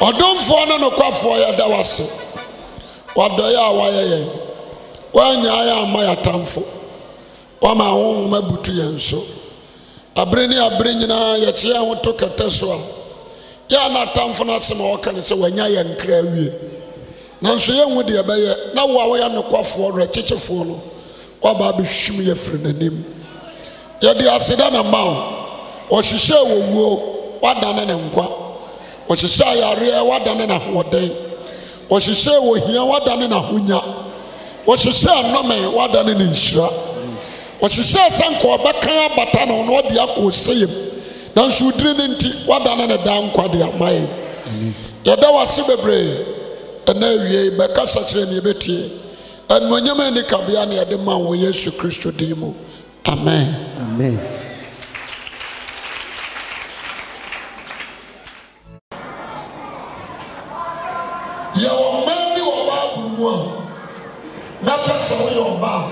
ɔdomfoɔ ne nokwafoɔ da wase wadɔyɛ a wayɛ yɛn woanyaa yɛ ama yɛatamfo woama honhoma butu yɛn so abere ne abere nyinaa yɛkye yɛn ho to kɛtɛ so a yɛa na atamfo no asɛm a wɔka ne sɛ wanya yɛn nkra awie nanso yɛnhu deɛ ɛbɛyɛ na wo a woyɛ nokwafoɔ werɛkyekyefoɔ no woabaa bɛhwim yɛfiri n'anim yɛde aseda na ma wo ɔhyehyɛɛ wɔ wuo woadane ne nkwa ɔhyehyɛ ayareɛ wadane n'ahoɔden ɔhyehyɛ wɔhia wadane n'ahonya ɔhyehyɛ nnɔme wadane ne nhyira ɔhyehyɛ sɛ nka ɔbɛka abata no na ɔde akɔ ɔsɛ yam nanso wodiri ne nti wadane ne daa nkwa de ama yɛ yɛda wase bebree ɛna awie bɛkasa kyerɛ ne yɛbɛtie ɛnuonyam anikabea ne yɛde ma wɔ yesu kristo din mu amen amen mu a na pɛ sɛ woyɛ ɔbaa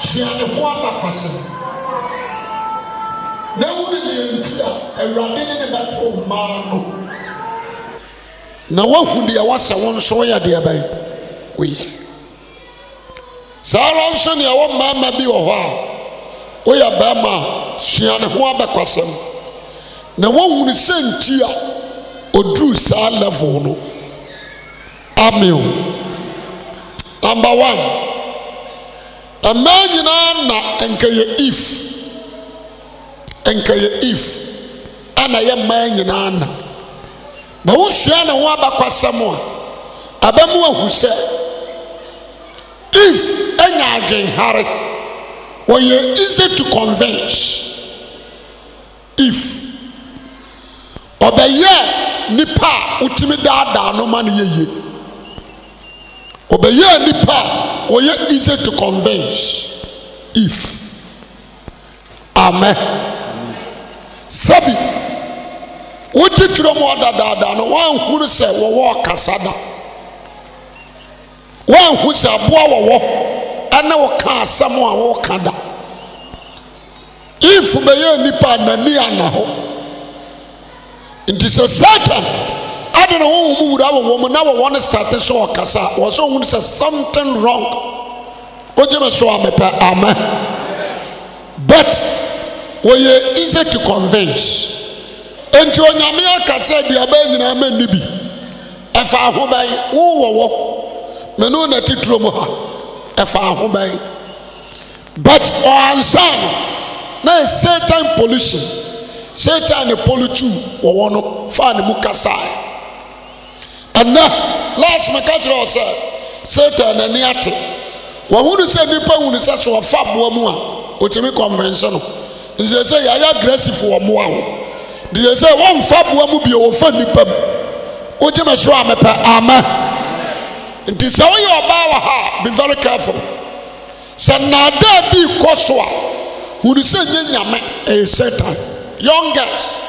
hyia ne ho abakwasɛm na ewu ne deɛ nti a awurade ne ne bɛto mmaa no na wahu deɛ wasɛ wo nso woyɛ deɛ bɛn woyɛ saa ara nso nea wɔ mmarima bi wɔ hɔ a woyɛ barima oh, a sua ne ho abɛkwasɛm na wohunu sɛ nti a ɔduru saa level oh, no ami namba one mmaa nyinaa na nkɛyɛ ef nkɛyɛ eve ɛna yɛ mmaa nyinaa na bɛho sua ne wo abɛkasɛm a ɛbɛma ahu sɛ ev ɛnya adwenhare wɔyɛ easy to convente ef ɔbɛyɛ nnipa a wotumi daadaa no ma no yɛye ɔbɛyɛ nipa a easy to convince if amen sabi wote twerɛ mu ɔdadaadaa no woanhunu sɛ wɔwɔ kasa da woanhu sɛ aboa wɔwɔ ɛne wo ka asɛm a wɔreka da if bɛyɛ nipa a n'ani ana hɔ nti satan ɛde ne honhom wura wɔ wɔ mu na wɔwɔ ne sate sɛ ɔkasa wɔ sɛ ɔhunu sɛ something wrong wogye me so a mepɛ ama but wɔyɛ easy to convince enti onyame akasa aduaba nyinaa ma nni bi ɛfa ahobɛn wowɔ wɔ me ne na tituro mu ha ɛfa ahobɛn but ɔansa no na satan pollution satan ne polutu wɔwɔ no faa ne mu kasae ɛnɛ last meka kyerɛ wɔ sɛ satan n'ani ate wɔhunu sɛ nnipa hunu sɛ sɛ wɔfa mmoa mu a ɔtumi convention no nhyɛ sɛ yɛayɛ aggressive wɔ mmoa ho deɛ sɛ wɔmfa mmoa mu bio wɔfa nnipa mu wogye me soro a mepɛ ama nti sɛ woyɛ ɔbaa wɔ ha be very careful sɛ nnaadaa bi kɔ so a hunu sɛ nyɛ nyame ɛyɛ satan young girls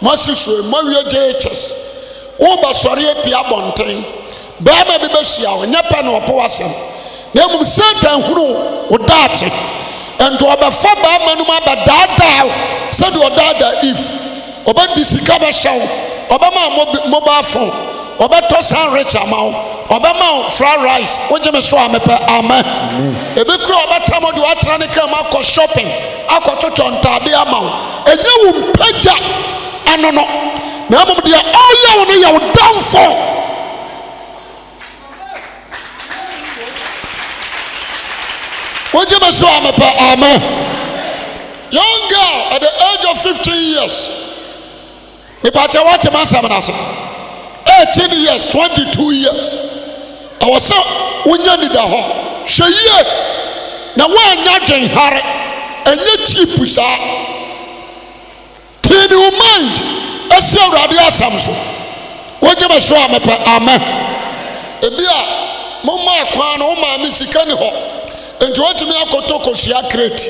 moasi sue moawie jhs woba sɔre apie abɔnten bɛrima bi bɛhyia wo nyɛ pɛ na ɔpo w'asɛm na mmom satan hunu wo daakye nti ɔbɛfa bɛrima no mu abɛdaadaa wo sɛdeɛ ɔdaadaa if ɔbɛdi sika bɛhyɛ wo ɔbɛma mobile phone ɔbɛtɔ sandwich ama wo ɔbɛma wo fried rice wogye me so a mepɛ amen ebi kura ɔbɛtra mo de woatena ne kam akɔ shopping akɔtotɔ ntaade ama wo ɛnyɛ wo mpagya no modeɛ ɔywo no yɛwo damf wogyemaso a mepɛ ama youn girl athe age of 15 years nipa tɛ wotemasɛm no ase 8iht years 2wntw years ɛwɔ sɛ wonya nida hɔ hwɛ yie na woanya dwenhare ɛnyɛ kyii pusaa te new mind ɛsi awurade asam so wogye me so a mepɛ amɛ ebi a mommaa kwan no wo maame sika ni hɔ nti wotumi akɔtɔ kosua kreti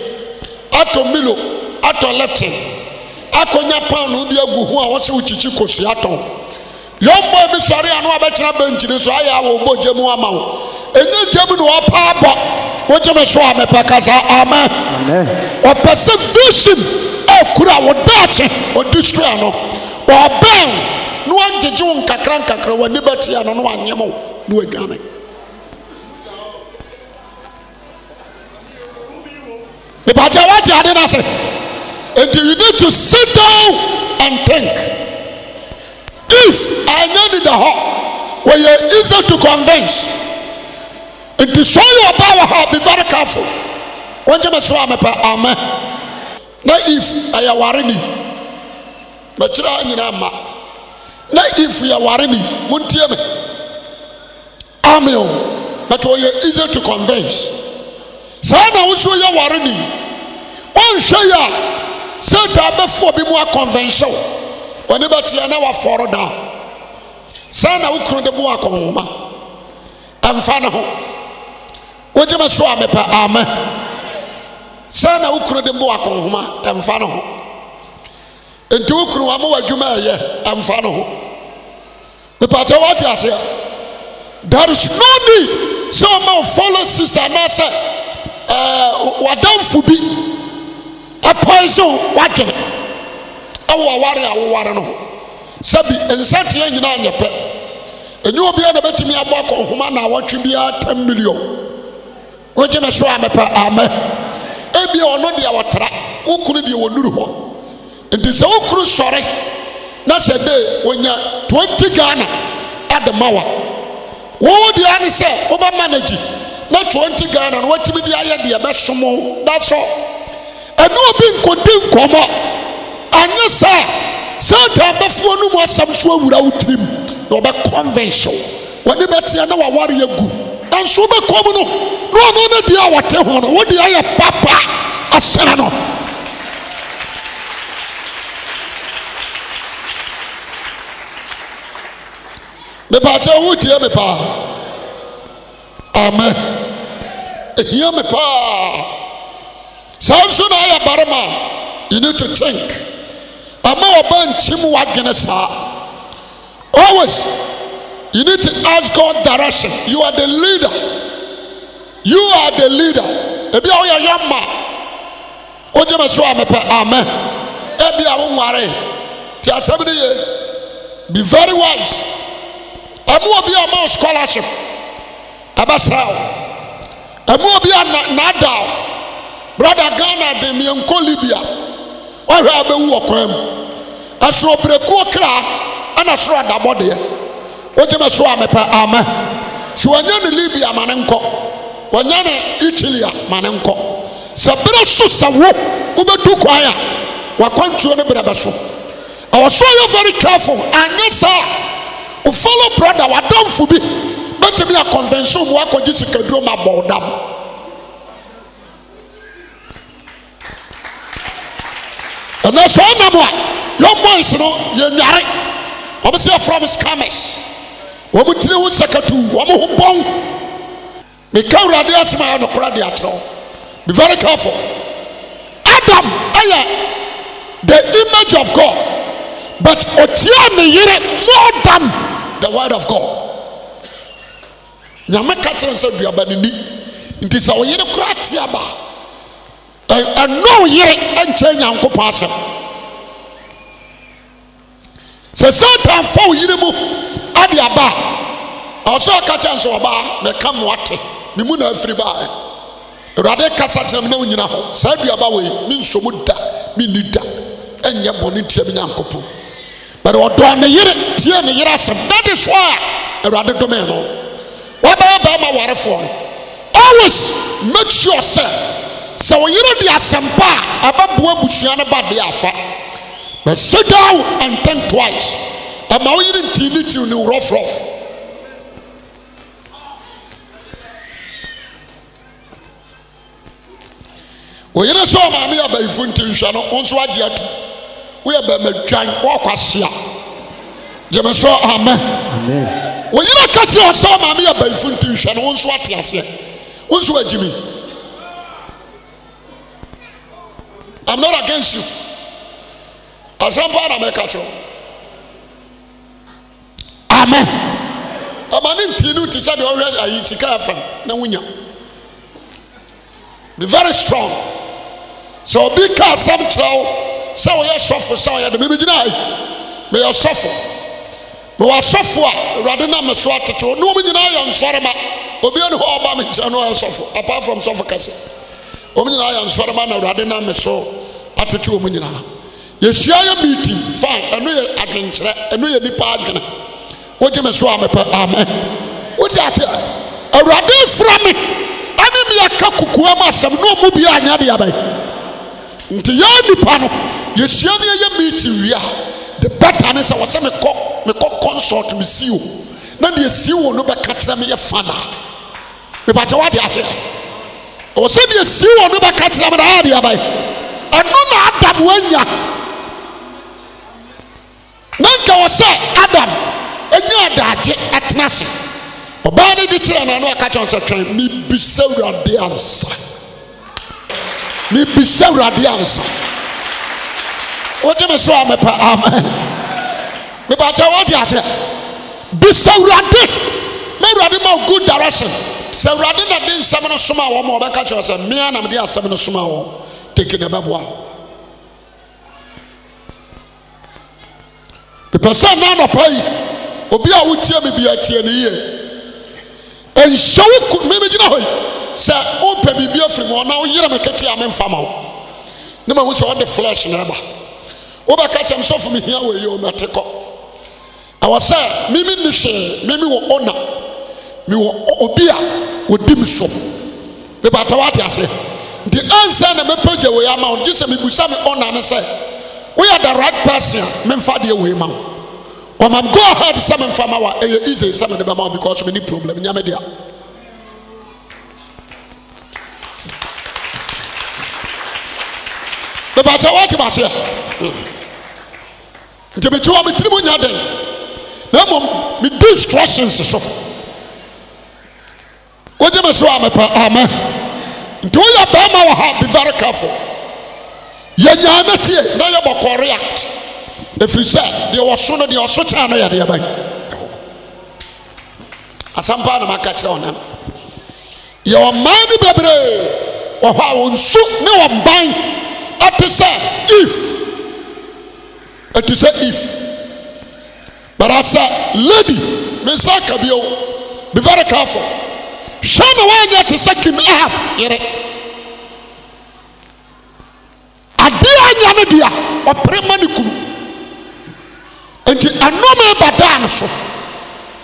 atɔ milo ato lipton akɔnya paano bi agu ho a wɔsɛ wokyikyi kosua tɔn yɔmbɔ bi sɔre a no bɛnkyi ne so ayɛ a wɔbɔ gya mu ama wo ɛnyɛ gya mu ne wɔpaa bɔ wogye me so a mepɛ kasa amɛ ɔpɛ sɛ vision akura wɔdaakye ɔdestroa no wɔbɛn na wɔngyegye wo nkakra nkakra wɔde bɛtia no na wanyɛma wo na wɔagane ìbàjẹ́ wọ́n ti adé náà and you need to sit down and think if ẹ̀yẹ́ ni da hɔ wɔyɛ easy to convince nti sọ yẹ your power, hɔ be very careful wọ́n jẹ́ mi sọ àmì pẹ́ àmì na if ẹ̀yẹ wàre ni. mɛkyerɛ ha nyinaa ma na yɛ yɛware ni montie me ame o but ɔyɛ easy to convince saa na wo nso yɛware ni wonhwɛ yi a sɛta bɛfoɔ bi mu akɔnvɛnhyɛ wo ɔne bɛteɛ na wafɔre da saa na wo kunu de mu akɔnhoma ɛmfa ne ho wogye me so a mepɛ amɛ saa na wo kunu de mu akɔnhoma ɛmfa ne ho nti wo kunu wa ma w'adwuma ɛyɛ ɛmfa no ho mipatɛ wate aseɛ there is no need sɛ ɔma follow sister anaasɛ ɛɛ wadamfo bi apɔn so wadwene ɛwɔ aware a woware no ho sɛbi nsateɛ nyinaa nyɛ pɛ ɛnyɛ obiara na bɛtumi abɔ akɔnhoma na awɔtwe a ten million wogye me so amepɛ amɛ ebia ɔno deɛ wɔtra wo kunu deɛ wɔnuru hɔ nti sɛ wokuru sɔre na sɛ de wonya 20 ghana ade ma wa wɔwɔ deɛ ne sɛ wobɛma no agyi na 20 ghana no watumi de ayɛ deɛ bɛsomo da sɔ ɛne obi nkɔdi nkɔmmɔ anyɛ saa satan bɛfoɔ no mu asɛm so awura wo tirim na ɔbɛkɔnvenhye wo wɔne bɛteɛ na waware agu nanso wobɛkɔm no na ɔno ne deɛ a wɔte ho no wode ayɛ papa asɛre no mepaakyɛ wo tie me paa amen ehia me paa saa nso na ayɛ barima you need to think ama ɔba nkyim wadwene saa always you need to ask God direction you are the leader you are the leader ebi a woyɛ yɔ ma wogye me so a amen ebi a wo nware te asɛm ne ye be very wise. ɛmoabi a mao skolarship ɛbɛsɛe wo ɛmuobi a nadal broder ghana de nneɛnkɔ libia ɔhwɛ bɛwu wɔ kwon m ɛsono birɛkuɔ kra anasoro ɔdabɔdeɛ wogyeme so a mepɛ amɛ sɛ wɔanyɛ ne libia ma ne nkɔ wɔanyɛ ne italia ma ne nkɔ sɛ berɛ so sɛ wo wobɛdu kwan a wakwa ntuo ne brɛbɛ so ɛwɔsoɔyɛ very careful anyɛ sa a ofolo broda wadamfo bi bɛtumi a convention mu akɔgye sikaduro ma bɔ dam ɛnɛ sɛ ɔnam a yɛn boys no yɛnyare wɔn sɛ yɛfrɛ mo scammers wɔn tiri ho sakatu wɔn ho bɔn mika awurade asoma yɛ nokora de akyerɛ be very careful adam ɛyɛ the image of god but otia ne yere more than. ofgo nyame ka kyerɛ n sɛ duaba noni nti sɛ o yere kora ato abaa ɛnɔo yere nkyɛ nyankopɔn asɛm sɛ satan fawo yere mu adiaba a ɛwɔsɛ ka kyerɛ nsɛ wabaa meɛka moatɛ memu na afiri baa ɛ awurade kasa kyeram na wonyina hɔ saa aduaba wo yi menhom da menni da ɛnyɛ bɔ ne ntiam nyankopɔn but ɔdɔ ne yere tie ne yere asɛm that is why awurade dome no wabɛyɛ bɛrima warefoɔ no always make sure sɛ sɛ wo yere de asɛmpa a ɛbɛboa abusua no ba de afa but sit down and think twice ɛma wo yere nti ne tiw ne worɔforɔfo oyere sɛ ɔmaame yɛ abayifo nti nhwɛ no wo nso agye ato woyɛ bɛmadwan wɔɔkɔ ahyia gyeme so amen woyina ka kyerɛ ɔ sɛ maame yɛ baifo nti nhwɛ no wo nso ate aseɛ wo nso agyimi I'm not against you asɛmpa na mɛka kyerɛ amen ama ne ntii no nti sɛ deɛ ɔhwɛ ayi sika afam na wonya be very strong So, obi ka asɛm kyerɛ sɛ wɔyɛ sɔfo sɛ ɔyɛ de mebɛgyina yi meyɛ sɔfo mewɔ asɔfo a awurade na me so atete ne wɔm nyinaa yɛ nsɔrema obia ne hɔ ɔba me nkyɛn no ɔyɛ sɔfo apart from sɔfo kɛse ɔm nyinaa yɛ nsɔrema na awurade na me so atete m nyinaa yɛhyia yɛ meeting fine ɛno yɛ adwenkyerɛ ɛno yɛ nnipa adwene wogye me so a mepɛ amen wogye aseɛ awurade fra me ɛne meyɛka kokoa mu asɛm ne ɔmu bia anyɛ de bɛyɛ nti yɛn nipa no yɛhyia no yɛyɛ meeti wia the better ne sɛ wɔsɛ mekɔ mekɔ consult me si o na deɛ si wo no bɛka kyerɛ me yɛ fana mepakyɛ woade aseɛ ɔwɔ sɛ deɛ si wo no bɛka kyerɛ me na aade abae ɛno na adam woanya na nka wɔ sɛ adam ɛnya adaagye atena ase ɔbaa no de kyerɛ na no aka kyerɛ sɛ twɛn mebisa wurade ansa mebisa awurade ansa wogye me so a mepɛ amen mepakyɛ wode aseɛ bisa awurade ma awurade ma good direction sɛ awurade na de nsɛm no soma wɔ ma wɔbɛka kyerɛ sɛ mea na mede asɛm no soma wɔ teke na ɛbɛboa mepɛ sɛ na anɔpa yi obi a wotie me bia tie ne yie ɛnhyɛ wo mebɛgyina hɔ yi sɛ wopɛ biribi afiri mu ɔna woyerɛ me a memfa ma wo ne mahu sɛ wode flesh na ɛba wobɛka kyɛm sɔfo mehia wɔ yi ɔmɛte kɔ ɛwɔ sɛ mimi nni hyee mimi wɔ ona mewɔ obi a wɔdi me so mebata woate ase nti ansa na mɛpɛgya wei ama wo gye sɛ mebusa me ona ne sɛ woyɛ the right person a memfa deɛ wei ma wo ɔmam go ahead sɛ memfa ma wo a ɛyɛ eh, eh, easy sɛ mede bɛma wo because meni problem nyame deɛ bwoati baseɛ nti meki wa metirimunya den na mmom mede strasense so wogye meso waa mɛpɛ ama nti woyɛ bai ma wɔha bivare kafo yɛnya netee na yɛbɔkɔ react ɛfiri sɛ deɛ ɔsn deɛ ɔso kyae no yɛneɛ ban asampa na maka kyerɛ ɔnem yɛɔ man ne babrɛe ɔhɔa ɔnsu ne ɔ ban ɛte sɛ ef ɛte sɛ ef bara sɛ ledi me nsan ka bio be very careful hwɛ ne waa nyɛ ɛte sɛ kim ahab yere adeɛ nya ne dea ɔperema ne kunu enti ɛnome badaa ne so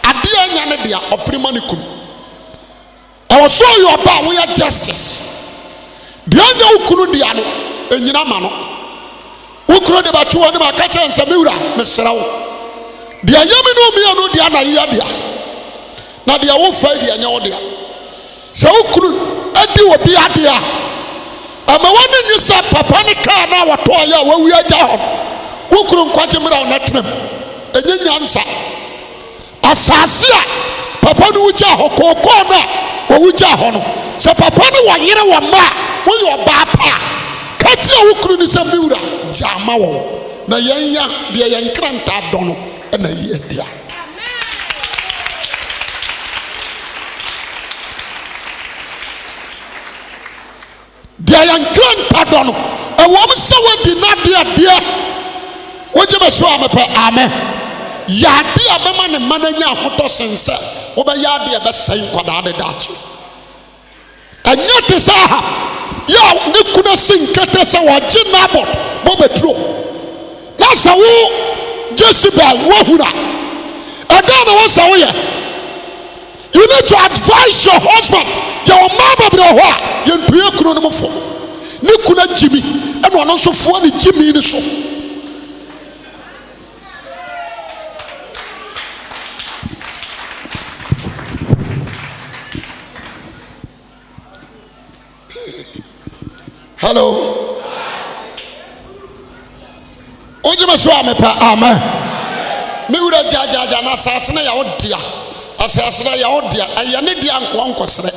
adeɛ nya ne dea ɔpere ma ne kunu ɛwɔ soɔyoɔbɛ a woyɛ justice dea nga wo kunu dea no ɛnyina ma no wo kuro de bɛto hɔ ne ma ka kyɛ nsɛm wura mesrɛ wo deɛ yɛ me ne omia no deɛ na yeyɛ dea na deɛ wofa deɛ nyɛ wo dea sɛ wo kunu adi wɔ bi adeɛ a ama w'ane nye sɛ papa ne kaa na a wɔtɔɔyɛ a wawu agya hɔ wo kunu nkwagye mmerɛ wo wo tenam ɛnyɛ nya nsa asase a papa no wogya hɔ kookoo no a wɔwogya hɔ no sɛ papa ne wɔyere wɔ mma a woyɛ ɔbaa paa tirɛ wo kuno ne sɛ mewura gya ama wɔwɔ na yɛya deɛ yɛnkra ntaa dɔ no ɛnayɛɛdia deɛ yɛnkra nta dɔ no ɛwɔm sɛ woadi nadeɛdeɛ wogyemaso a mɛpɛ amɛ yaade a bɛma ne mana nya ahotɔ sen sɛ wobɛyɛdeɛ ɛbɛsɛe nkadaadedakyi ɛnyɛ te sɛ aha yɛ a ne kuna si nkɛtɛ sɛ wɔgye nabɔt bɔbɛturo na sɛ wo jezebel woahunu a ɛda na wo sɛ woyɛ you need to advise your husband yɛwɔ mmaa bebree hɔ a yɛntue kunu no mu fo ne kuna gyimi ɛna ɔno nso foa ne gyimi ne so hello wogye me so a mepɛ amen Mi wura gyaagyaagya na asase no yɛwo dea asase no yɛwo dea ɛyɛ e, ne dea nkoa nkɔserɛ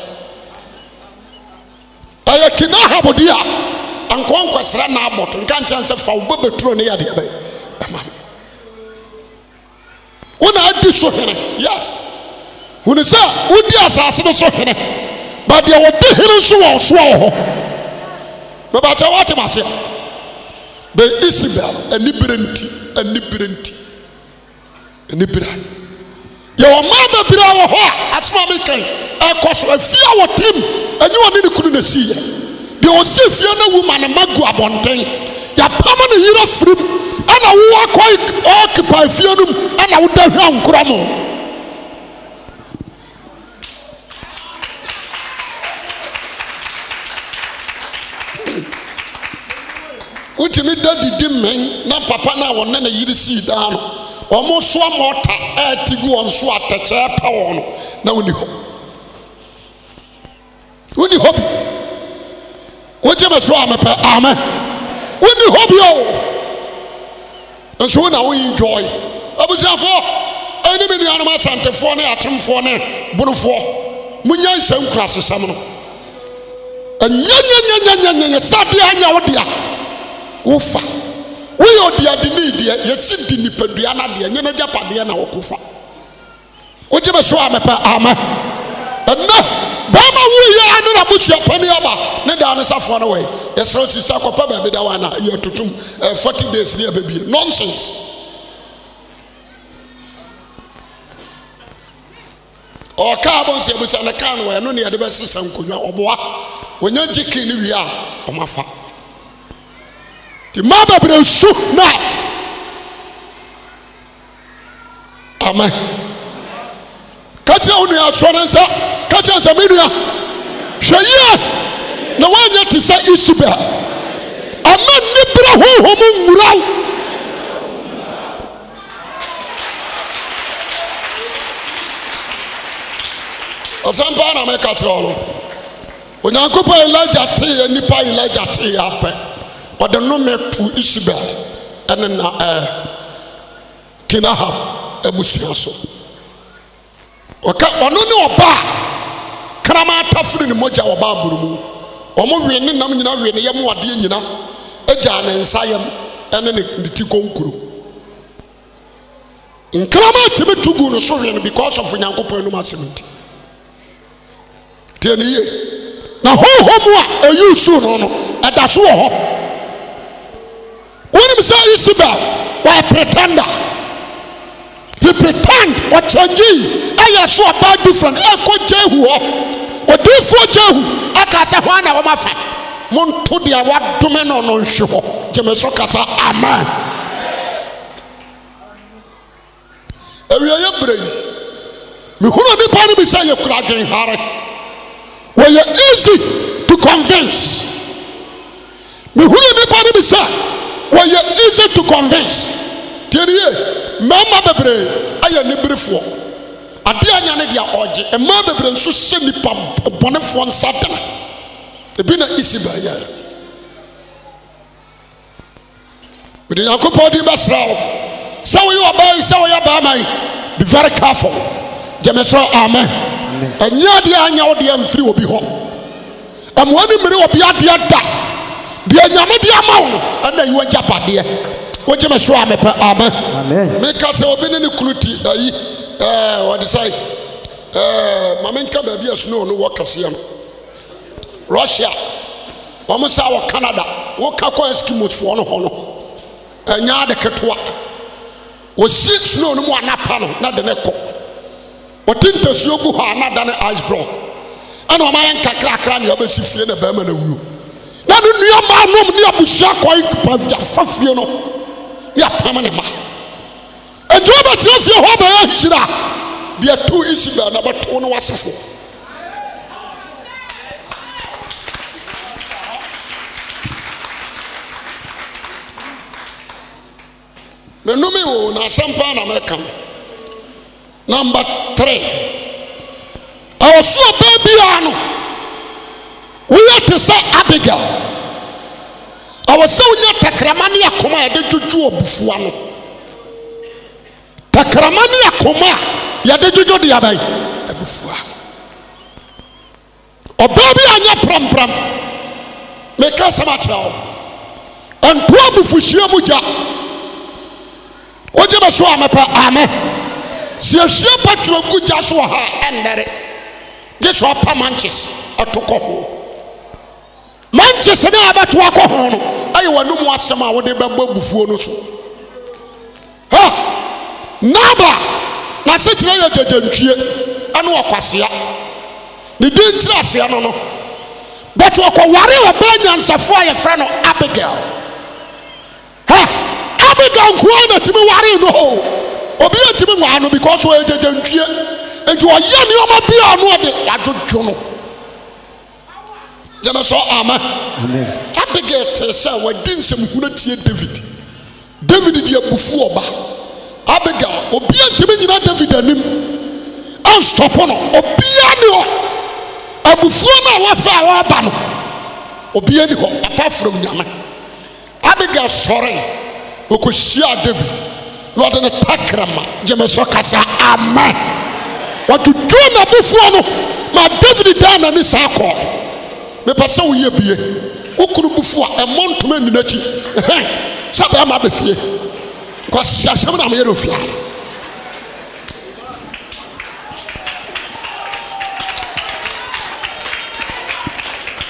ɛyɛ kina habode a nkoa nkɔserɛ na abɔto nka nkyɛn sɛ fa wo bɛbɛturo ne yɛdeɛ bɛ ɛma me wona adi so hene yes hunu sɛ wodi asase no so hene ba deɛ wɔdi hene nso wɔ so a wɔ hɔ mɛbàtɛ wɔte ma se bɛ isibel anibire nti anibire nti anibire yɛwɔ mmaa bebree wɔ hɔ a asoma mi kan ɛkɔ so efi a wɔte mu enyi wɔn kunu na esi yɛ deɛ ɔsi fie na wuma ne ma gu abɔnten yɛpam ne yere firim ɛna wo akɔ ɔɔkipa fie no mu ɛna wo da hwɛ wontumi da didi men na mpapa ne wɔne ne yere sii daa no ɔmo soamaɔta ati gu wɔn so atɛkyɛɛ pɛ wɔn no na wonni hɔ wo ni hɔ bi wokyemaso a mɛpɛ amɛ wonni hɔ bi o nso wona wonyi dwɔɔe abusuafoɔ animnuanoma asɛntefoɔ ne akomfoɔ ne bonofoɔ monyansɛnkura sesɛm no ɛnyɛynyɛ sa deɛ nyɛ wodea wo fa woyɛ ɔde adenni deɛ yɛsi di nipadua nadeɛ nyɛnegya padeɛ na wɔko fa wogyeme so a mɛ pɛ amɛ ɛnnɛ bai ma woyaa ne namosuapane aba ne dawo ne safoɔ no wɔɛ yɛsra su sa kɔpɛ baabida wa na yɛ atotom f0 days ne yaba bie nonsens ɔɔ kar bɔhso yɛbu sɛ ne kar na wɛ no neɛde bɛse sa nkowua ɔboa ɔnya gyekee ne wie a ɔmafa te maa bɛbrɛ nsu na amɛ kakyerɛ wo nea sranansa kakyrɛnsa me nua hwɛ yɛ na waa nyɛ te sɛ isubɛa ama nnebrɛ hohomu muraw ɔsampaa namɛ kakyerɛwolo onyankopɔn iligja teɛ nipa elija teeyɛ apɛ ɔde nnome tu isibel ɛne na uh, ɛɛ kinaham abusua so ɔka ɔno ne ɔbaa kraman tafiri ne mogya ɔbaa burumu ɔmo wie ne nam nyina wie ne yam wadeɛ nyina egya ne nsa yam ɛne ne ne ti konkuro nkraman tìmi tu gu ne so wie no because of nyankopɔn anum asɛm nti tie ne yie na honhom a eyi su no no ɛda so wɔ hɔ. m sɛ isabel wɔɛ pretender he pretend ɔkyɛgyee ayɛ eh, oh. oh. so ɔbaa different ɛɛkɔ gye hu hɔ wɔdefoɔ gye hu aka sa hɔ ana wɔmafa monto dea wɔadome ne ɔnɔ nhwe hɔ gyeme so kasa aman ɛwia yɛ berɛ i mehunuu nnipa no bisɛ yɛkuradwenhare wɔyɛ easy to convinse mehunuu nipa no mi sɛ wɔyɛ easy to convince tiɛniyɛ mmarima bebree ayɛ nibirifoɔ adeɛ anya ne deɛ ɔgye mmaa bebree nso hyɛ nipa bɔnefoɔ nsa dana ebi na isi baayɛ wɔde nyankopɔn di bɛsra wo sɛ woyɛ ɔbaa yi sɛ woyɛ baama yi be very careful gyeme sɛ amen ɛnyɛ adeɛ anya wo deɛ mfiri wɔ bi hɔ ɛmoa e ne mmiri wɔ bi adeɛ da deɛ nyame deɛ ama wo ɛna yi wagya badeɛ wogye me so a mepɛ amen meka sɛ obi ne ne kunu ti ayi wɔde sɛ ma menka baabi a snow no wɔ kɛseɛ no russia wɔn sa wɔ canada woka kɔ eskimosfoɔ no hɔ no ɛnya ade ketewa wɔsi snow no mu anapa no na de ne kɔ wɔte ntasuo gu hɔ a na da ne ice block ɛna wɔn ayɛ nkakrakra nea wɔbɛsi fie na bɛrima na wuo na ne nnuamaa nom ne abusua kɔe afa fie no ne apam ne ma ɛnti wobɛtena fie hɔ bɛyɛ hyira deɛ to isibel na bɛto no wasefoɔ menome o na asɛm paa na mɛka number 3 ɛwɔ so ɔbaa no woyɛ te sɛ abigail ɔwɔ sɛ wonya takrama ne akoma a yɛde dwodwo abufua no takrama ne akoma a yɛde dwodwo de abɛn abufua no ɔbaa bi anyɛ prampram meka sɛm akyerɛ wo ɛnto abufuhyia mu gya wogye bɛ so a mepɛ amɛ siahyia pa patronku gya so wɔ ha ɛnnɛre gye so ɔpa manches ɔtokɔ hoo manchester a bɛto akɔ ho no ɛyɛ w'anom asɛm a wode bɛbɔ bufuo no so ha naba n'asetena yɛ gyagyantwie ɛne ɔkwasea ne din kyerɛ aseɛ no no but ɔkɔware ɔbaa nyansafoɔ a yɛfrɛ no abigail ha abigail nkoa na tumi ware no ho obi antumi nwaa no because ɔyɛ gyagyantwie nti ɔyɛ nneɔma bia no ɔde wadwodwo no gyama sọ ama abigail tẹ sẹ wadi nsẹmuhuna tie david david di ebufu ọba abigail obi ntumi nyina david anim anstọpọ no obia ni hɔ abufuo no a wafa a waba no obia ni hɔ apart nyame abigail sọrọ okohyia david na ɔde ne takrama sọ kasa ama watutuo na abufuo no ma david dan na ne mepɛ sɛ woyɛ bie wo kunu bufu a ɛmɔ ntoma nni n'akyi ɛhɛn sɛ bɛrima bɛ fie kɔsi asɛm na meyɛ no fia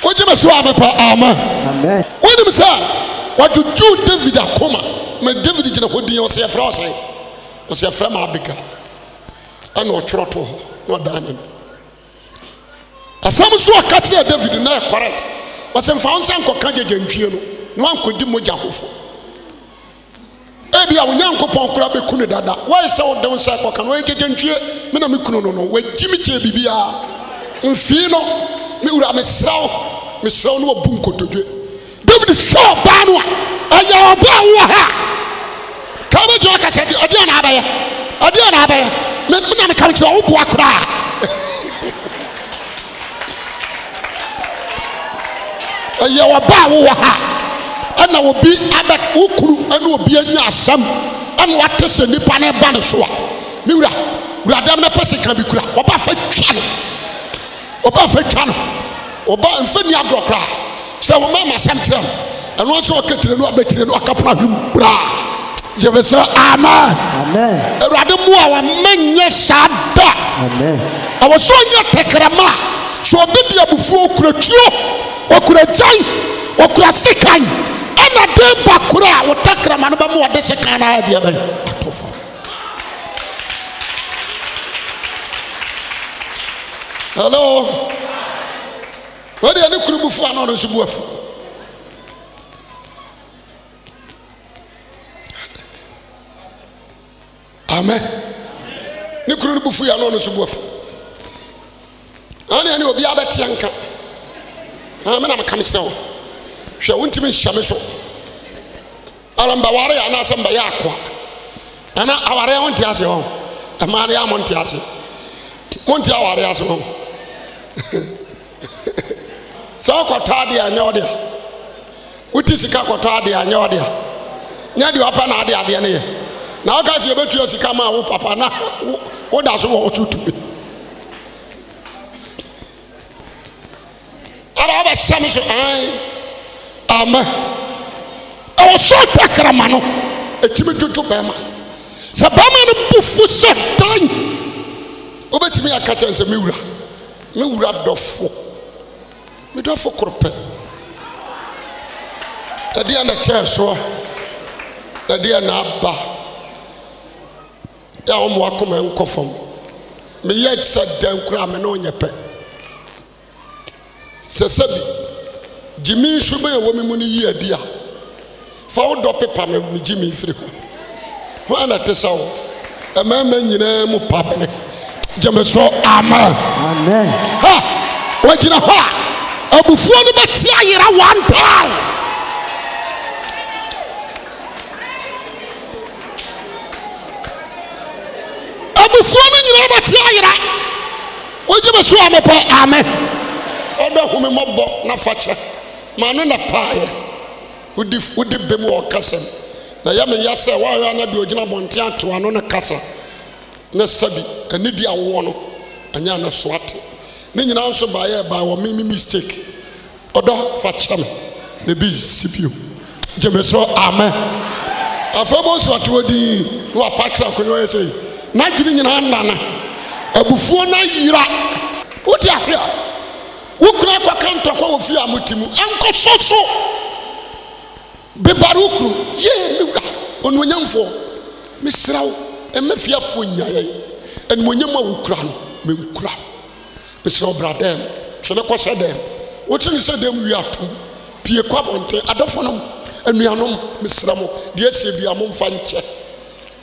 wogye me so a mepɛ amen wonim sɛ wɔdwodwoo david akoma ma david gyina hɔ din ɔsɛ yɛfrɛ ɔsɛ ɔsɛ yɛfrɛ ma abiga ɛna ɔtwerɛ to hɔ na ɔdaa ne no asɛm nso ɔka a david na correct, wɔsɛ mfa wo nsa nkɔka gyagyantwie no na wankɔdi mogya hofo ebi a onyankopɔn koraa bɛku no dada wɔyɛ sɛ wode wo nsa ɛkɔka no ɔyɛ gyagyantwie me na mekunu no no wagyi me kyɛ biribiaa mfii no me wura mesrɛ wo mesrɛ wo na wabu nkotodwe david hwɛ ɔbaa no a ɛyɛ ɔbaa wowɔ ha kaa bɛgyina ka sɛ ɔdeɛ na abɛyɛ ɔdeɛ na abɛyɛ mena meka mekyerɛ wo boa koraa ɛyɛ wɔba a wowɔ ha ɛna obi abɛ wo kuru ɛne obi anya asɛm ɛna wate sɛ nnipa ne ba ne so a me wura wuradam no pɛ sika bi kura wɔba fa twa no wɔba fa twa no wɔba mfa ni agorɔ koraa kyerɛ wɔma ma asɛm kyerɛ no ɛno nso ɔkɛtire no abɛtire no ɔkapra hwem braa gyeme sɛ amen awurade mu a wɔma nyɛ saa da ɛwɔ sɛ ɔnyɛ tɛkrɛma a sɛɔbe de abufuo ɔkuratwuo ɔkuragyan ɔkora sekane ɛna den bakora a wotakrama no bama ɔde sekan naduabɛn a owodeɛ ne kuro bufu anoɔnoso bafone kuro no bufu ɛanɔno obafo ɛne ɛne obiara bɛteɛ nka ah, mena meka me kyerɛ wo hwɛ wontimi nhyɛ me so ara mbaware a anaasɛ mbɛyɛ akoa ɛna aware wo nte ase hɔ ɛma ne a monte ase monte awareɛ ase hɔ sɛ wokɔtɔ adeɛ anyɛ wo dea wote sika kɔtɔ adeɛ anyɛ wo dea nyɛ deɛ wapɛ na ade adeɛ ne yɛ na woka sɛ yɛbɛtua sika ma wo papa na woda so wɔ wo so tumi ara wabɛsɛm so an ama ɛwɔ so ɔtɔ krama no ɛtumi dwodwo bɛrima sɛ bɛrima no bu fu sɛ dan wobɛtumi yɛka kyɛn sɛ mewura mewura dɔfo medɔfo koro pɛ ɛdeɛ na kyɛɛ soɔ ɛdeɛ na aba yɛ a wɔmmoakoma nkɔ fam meyɛ sɛ dan koraa me ne ɔnyɛ pɛ sɛ sɛbi gyimi somɛ a wome mu no yi adi a fa wodɔ pepa me me gyemifiri ho ho ana te sɛ wo ɛmama nyinaa mu pamenɛ gyamɛso ama wagyina hɔ a abufuo no bɛtia yera a abufuo no nyina wobɛtea yera wogyemɛso amɛpɛ ame wobɛhu me mmɔbɔ na fakyɛ ma no na bem wɔ kasa m na ɛyɛ sɛ na deɛ ɔgyina abɔnten ato ano ne kasa ne sabi ani e di awoɔ no ɛnyɛ ne so ate ne nyinaa nso baeɛ ɛbaa wɔ meme mistake ɔdɔ fakyɛ me ne bi si bio so amen afei bɔnso wɔ wapakyerɛ akonnwa yɛ sɛ n'adwene nyinaa abufuo no ayira ase a wo kura kɔka ntɔk wɔfia mote mu ankɔ soso bebare wo kuro ye mewua ɔnuonyamfoɔ mesrɛ wo mɛ fiafoɔ nyaɛ ɛnimonyam a wo kura no menkura mesrɛ wo brada n twɛne kɔsɛ dɛ wote ne sɛ de mwie atom pie kɔ abɔnten adɔfonom anuanom mesrɛ m deɛ asee bia momfa nkyɛ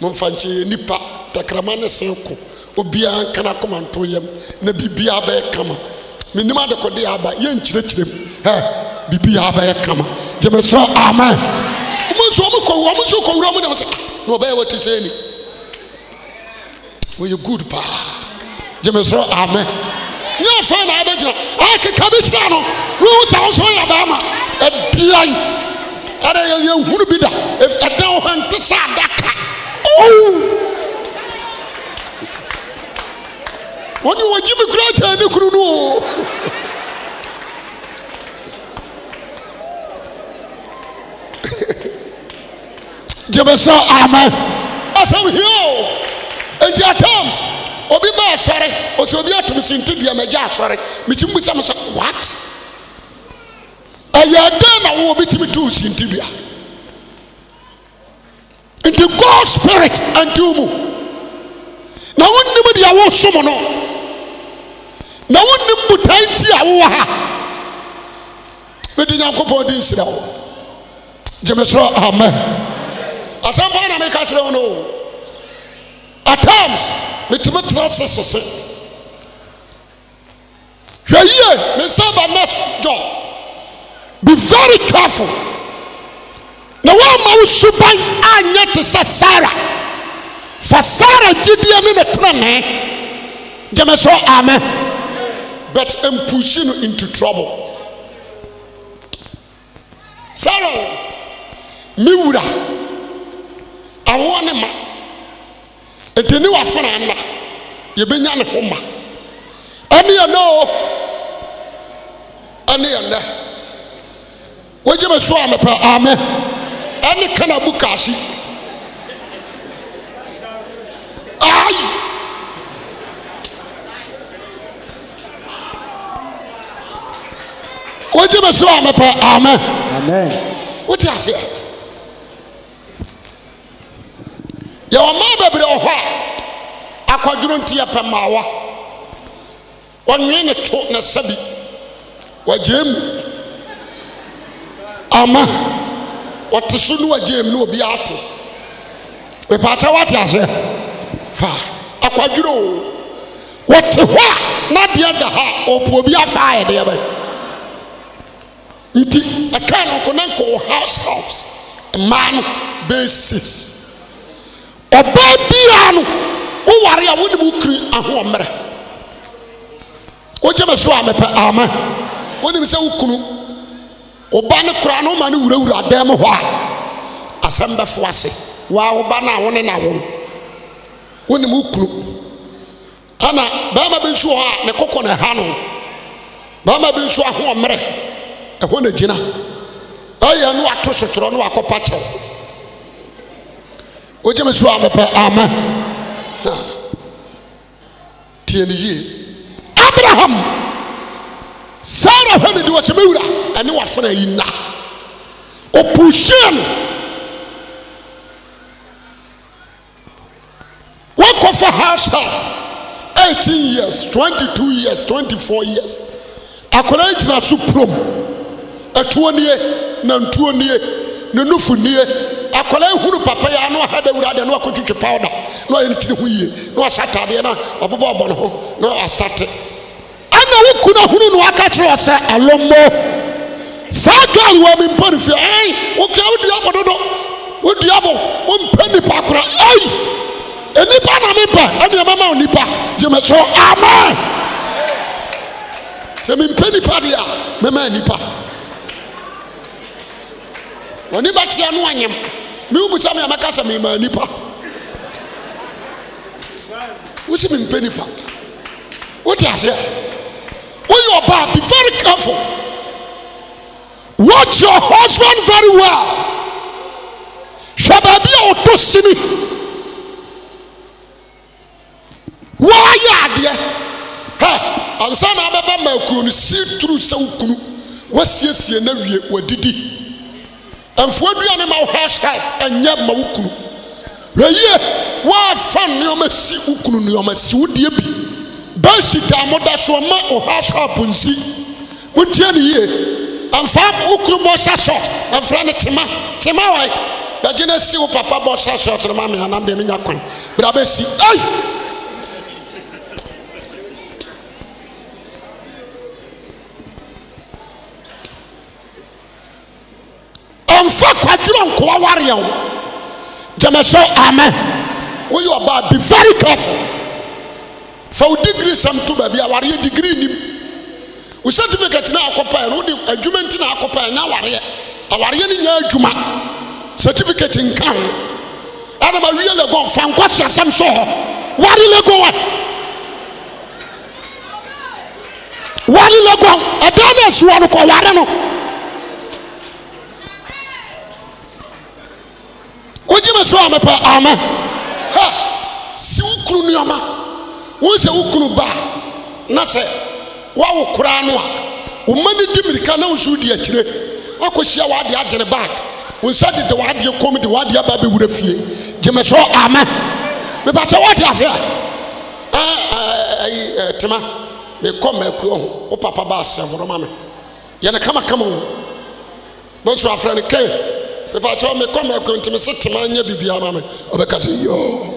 momfa nkyɛ yɛ nnipa tɛkrama ne sen ko obiaa nkana kɔmantoyam na biribiaa bɛɛkama menim ade kode ɛaba yɛ nkyerɛkyerɛ m biribi ɛabɛyɛ kama gyemesorɛ amen mɛsɔmɛnso kɔwura mu de m sɛ na wɔbɛyɛ ah, wɔate sɛani oyo good paa gyemesorɛ amen nyɛ afɛi naabɛgyina a keka mɛkyiraa no ne wosa wo sɛo yɛ abaama ɛdeae arɛ yɛyɛhunu bi da ɛda wo hɔ nte sɛ daka o ɔnewɔgyeme koraata ne kunu no o gyemɛ sɛ ama asɛm hio nti atems obi baa sɔre ɔsɛ obi atom sintebua mɛgya asɔre mekyimi busɛm sɛ wat ɛyɛ adɛn na wowɔbɛtumi too sentibua nti go spirit antio mu na wonnim de a wosom no na wonnim butan nti a woa ha nege nyankopɔn di nsirɛ ho gyemesɛ amen asɛmpa na meka kyerɛ ho no ɔo at times metumitera sesese hwɛ yie mensaba nes job be very careful na woamma wo suban anyɛ te sɛ sara fa sarah gyibia ni no tuma nee gyemesɛ amen but mpushi no into trouble sɛrɛ mi wura awoɔ ne ma nti ne wafora nna yɛbɛnya ne ho ma ɛne yɛ nɛ o ɛne yɛ nɛ wogye me so a mepɛ ame ɛne kana bu kaase ayi. wogye bɛ so a mepɛ amen wote aseɛ yɛwɔ maa bebree wɔ hɔ a akwadworo nti yɛpɛ mmaawa wɔnwee ne to ne sɛbi wagyee mu ama wɔte so ne wagyee mu ne obiara te mepɛakyɛ woate aseɛ fa akwadworo wɔte hɔ a deɛ da ha ɔpɔ obi afa ayɛdeɛ bɛyɛ nti ɛkaa no nko na nkɔwɔ house house mmaa no basis ɔbaa biara no woware a wonim mu kiri ahoɔmmerɛ wogye me so a mepɛ ama wonim sɛ wo kunu woba ne koraa na woma ne wurawura adan mu hɔ a asɛm bɛfo ase waa woba no a wo ne na wonim wo kunu bɛrima bi nso hɔ a ne kɔkɔ ne ha no bɛrima bi nso ahoɔmmerɛ ɛhɔ na gyina ɛyɛ no wato sotorɔ no wakɔpa kyɛw wogye me so a mepɛ amen tie ne yie abraham sara hwɛ ne de wɔ sɛ mɛwura ɛne wafena yi nna ɔpuhyia no wakɔfa hasa 18 years 22 years 24 years akwadaa gyina so prom atuo nie nantuo nie ne nufu nie akwadaa ehunu papa yi ano aha dawura adeɛ no akɔtwitwi powder na ɔyɛ ne tiri ho yie na ɔhyɛ ataadeɛ na ɔbɛbɔ ɔbɔ ne ho na ɔsate ɛna woku na hunu e na waka kyerɛ ɔsɛ alɔmmɔ saa gaal wɔ mi mpa ne fie ɛn wokura wodi abɔ dodo wodi abɔ wompɛ nipa kora ɛyi enipa na mi pɛ ɛna ɛma ma nipa gyeme so amen sɛ mi mpɛ nipa deɛ a mɛma nipa. wɔne bɛteɛ no anyem mewomu sɛ mena mɛka sɛ memaa nipa wosi mempɛ nipa wote aseɛ woyɛ ɔbaa be very careful watch your husband very well hwɛ baabi a ɔtɔ sini wɔayɛ adeɛ hɛ ansa na abɛba maakuro no see turu sɛ wo kunu woasiesie na wie wadidi mfuo aduane ma wo hairstyle ɛnyɛ ma wo kunu wɛyie woafa nneɛma si wo kunu nneɛma si wo deɛ bi bɛsi taa mo da so ma wo hairstyle po nsi wontie ne yie ɛmfa wo kunu bɔ hyɛ short ɛmfrɛ ne tema tema wae bɛgye ne si wo papa bɔ hyɛ short no ma me anam deɛ menya kwan bra bɛsi ai ɔmfa kwadwerɛ nkoa wareɛ wo gyama amen woyɛ ɔbaa be very careful fa wo digiri sɛm to baabi a wareɛ digiri nim wo certificate na akɔpɛɛ no wode adwuma nti na akɔpɛɛ na awareɛ awareɛ no nyɛ adwuma certificate nka ho ɛna ma wie legon fa nkɔsi asɛm so hɔ ware legon ɛ ware legon ɛdan na asuwa no kɔ no mepɛ amen ha si wo kunu nneɔma wo sɛ wo kunu ba na sɛ woawo koraa no a wo ma ne di mirika na wonso di akyire woakɔhyia w'adeɛ agyere bag wo nsa dede w'adeɛ kom de w'adeɛ aba bɛwura fie gyeme sɛ amen mebakyɛ woate ase a tema mekɔ maakuo ho wo papa baa sɛvoro ma me yɛne kamakama wo bɛnso afrɛ no kɛi epakɛ mekɔmakot me se temayɛ bibiama m ɔbɛka sɛ yo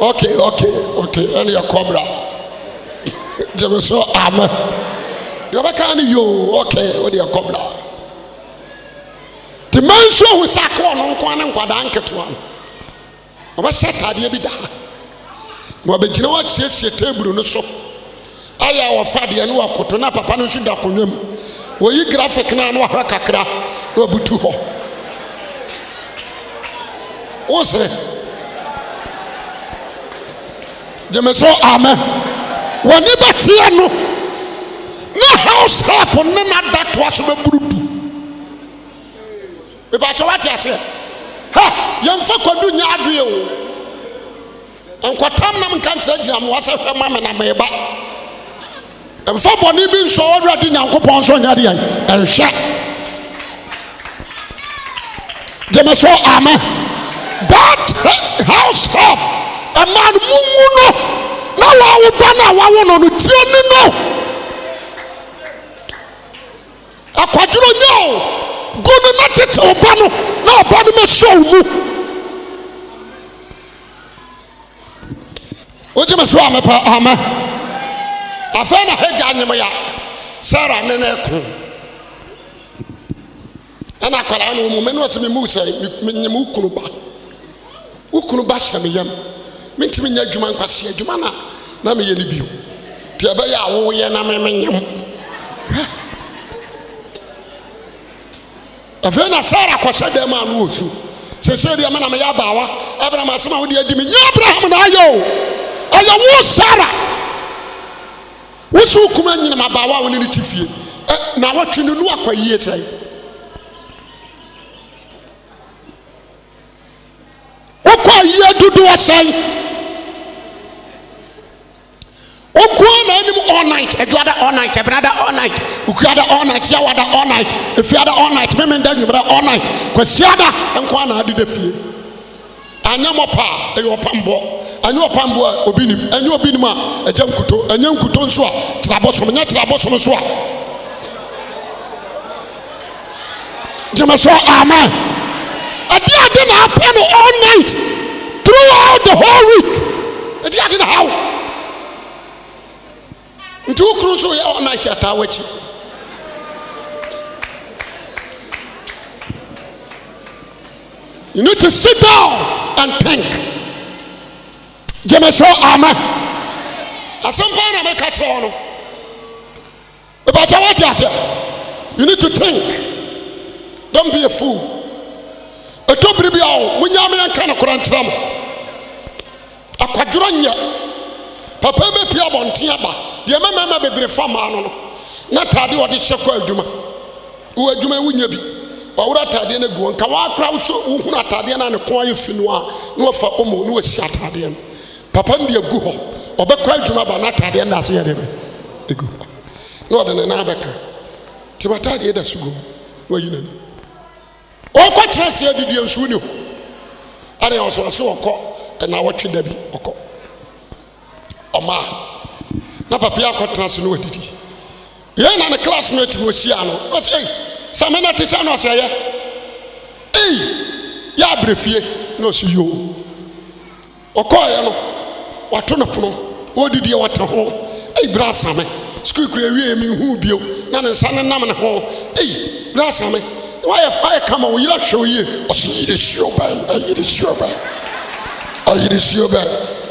okk ɛneyɛ kɔbra teme so ama deɛ ɔbɛka a ne yo ok wo deɛkɔbra ti ma nsu ɔhu sɛakoɔ no nkoa ne nkwada nketoa n ɔbɛsɛ taadeɛ bi da a wabɛgyina woasiesie tablu no so ayɛ a ɔfadeɛ no wkoto ne papa no nso da kondwam wɔyi grahik no a na wah kakra na abotu hɔ wo sere gyeme so amen wɔne bɛteɛ no na house help ne nada toa so bɛburu du mebakyɛ woate aseɛ ha yɛmfa kwadu nyɛ adoɛ o nkɔtam nam nka nkyerɛ gyina mo wasɛ hwɛ ma na meeba mfa bɔne bi nsɔ wɔwurade nyankopɔn nso nyɛ deɛ ɛnhwɛ gyeme so amen that house up a man mumu no na wawo ba wa a wawo no no tire ne no akwadworo nyɛ o go no na tete ɔba no na ɔba no mɛhyɛ wo mu wogye me so a mepɛ ama afei na hagya nyem ya sara nene ku ko ɛna akwadaa no wɔ mu me ne ɔsɛ me mu sɛ menyem wo kunu ba wo kunu ba hyɛ me yam mentumi nyɛ adwuma nkwasi adwuma na na meyɛ ne bio nti ɛbɛyɛ a woyɛ na memenyam afei na sara kɔhyɛ dɛm a no wɔ su sɛsɛ deɛ ma na meyɛ abaawa abraham asɛm a wode adi me nyɛ abraham na ayɛ o ɛyɛ wo sara wo so nyinam abaawa a wo ne ti fie na wɔtwe no nu akɔ yie sɛe wokɔ ayie dodoɔ sɛn wokoa na anim all night aduada all night ɛbenada all night okuada all night yawada all night efiada all night memenda nwumera all night kwasiada nkoa na adeda fie anyɛ mɔ paa ɛyɛ ɔpambɔ ɛnyɛ ɔpambɔ a obi nim ɛnyɛ obi nim a ɛgya nkuto ɛnyɛ nkuto nso a trabɔsom nyɛ trabɔsom nso a gyeme so amen dadeaaa all night troughout the whole week diadenaah nto ksyɛnihtatawɛ you ned to sit down and tink gemes am a smpnamkatn wta you ned to tink dont be a fool ɛtɔbiribia wo monyameɛka no korantra ma akwadworɔ nyɛ papa bɛpia abɔnteɛ ba deɛ mɛmma bɛbre fa maa no no ne taadeɛ ɔde hyɛ kɔ adwuma adwua woya bi worɛ ataadeɛ nogu hɔ nkawoa wwohuu ataadeɛ noanekayɛfi n a n fa n asi ataeɛ no papa n de gu hɔ ɔbɛ adwa ba nataadeɛ dasɛɛdeɛɛ ne ɔde ne naabɛka ti matadeɛ dasogu hɔ n yinano ɔnkɔtena seɛ didie nsuo ne ho ɛne ɔsoɔso ɔkɔ ɛna wɔtwe da bi ɔkɔ ɔmaa na papia akɔtena se no wadidi yɛ na ne class no atimi ɔhyia no ɔsɛ ei sɛ me na te sɛ no ɔsɛ yɛ ei yɛ fie na ɔsɛ yoo ɔkɔɔyɛ no wato no pono ɔdidie wɔte ho ei berɛ asame sukuu kura awie mi hu bio na ne nsa ne nam ne ho ei berɛ asame wayɛ fayɛ kama wo yera hwɛ wo yie ɔsɛ yere suo bɛn ɛyere suo bɛn ɛyere suo bɛn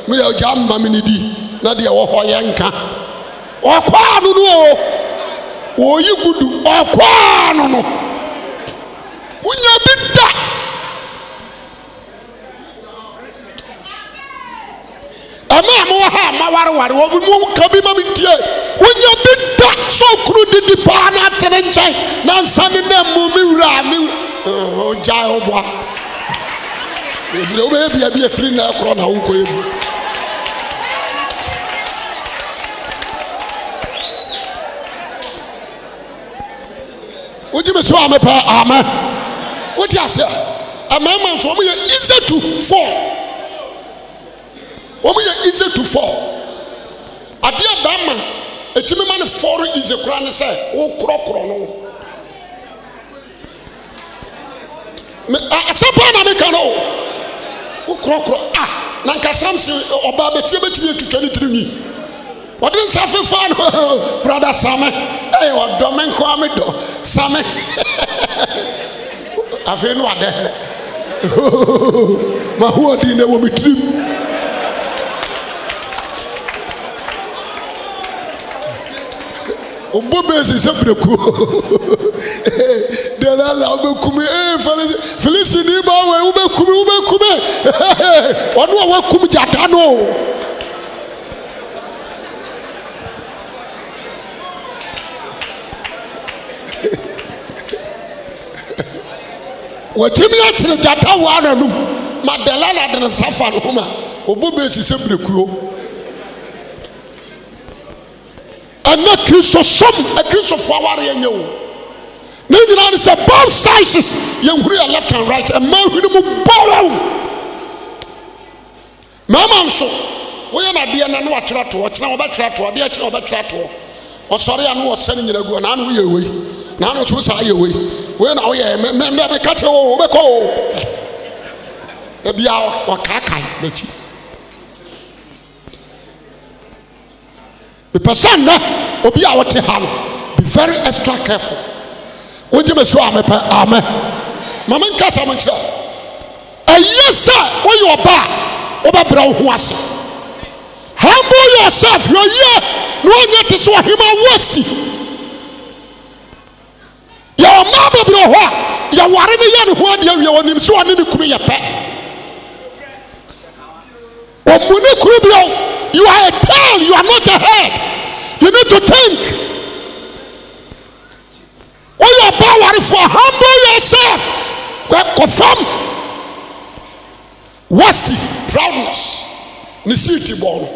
me yɛ ogya mma me ne di na deɛ wɔ hɔ yɛ nka ɔkɔa no no o wɔyi gudu ɔkɔa no no wonya bi da ɛmɛ a mowɔ ha ma wareware wɔ mu ka bi ma me tie wonya bi da sɛ okuru didi paa na atene nkyɛn na nsa ne mu me wura me eh, ogyae woboa ɛdire wobɛyɛ bia bi afiri na ɛkorɔ na wokɔyɛ bi wogye me so a mepɛ ama aseɛ ɛmɛma nso ɔmoyɛ easy to fall wɔn yɛ easy to fall adeɛ bɛrima etimi ma no fall easy koraa ne sɛ wɔkorɔkorɔ no. asɛmpa na meka no wo korɔkorɔ a na nka samson ɔbaa bɛsie bɛtumi atwitwa ne tirinwi ɔde nsa fefa no brada same ɛyɛ ɔdɔ me nkoa me dɔ same afei no adɛ mahoɔdin na ɛwɔ me tirim ọbọ bẹẹsì sẹpẹrẹkuo dẹlẹla ọbẹ kumi ee filisi ni ibà wẹ ọbẹ kumi ọbẹ kumi ọnu ọwọ kumi jata nù. wɔtumi akyerɛ gyata wɔ ananum ma dɛlɛla de ne nsa fa ne ho ma ɔbɔ bɛɛsi sɛ kristosom akristofoɔ awareɛ nyɛ wo ne nyinaa ne sɛ both sizes yɛnhunu yɛ left and right ɛma hwene mu bɔrɔ wo mmarima nso woyɛ nadeɛ no ne wakyerɛ toɔ kyena wɔbɛkyerɛ toɔ deɛ kyena wɔbɛkyerɛ toɔ ɔsɔre a ne wɔsɛne nyina gu ɔnaa ne woyɛ wei naa ne nso saa yɛ wei wei na woyɛ mɛmɛ mɛka kyerɛ wo wobɛkɔ o ebia ɔkaakae n'akyi ipɛ sɛnnɛ obi a wote ha no be very extra careful wongyemaso amɛpɛ amɛ ma menka sa mɔnkyerɛ ɛye sɛ woyɛ ɔba a wobɛbrɛwo ho ase hamb yosef ɔye ne wonyɛ te so ɔhemawest yɛwɔ ma bɛbrɛ w hɔ a yɛware ne yɛ ne ho adeɛ wɛ wɔnim sɛ ɔne ne kumi yɛ pɛ ɔmu ne kuro bio yo a atal you ar nɔt ahead you ned to tink wɔyɛba warefo humble yourself kɔfam wasti proudness ne sieti bɔɔ no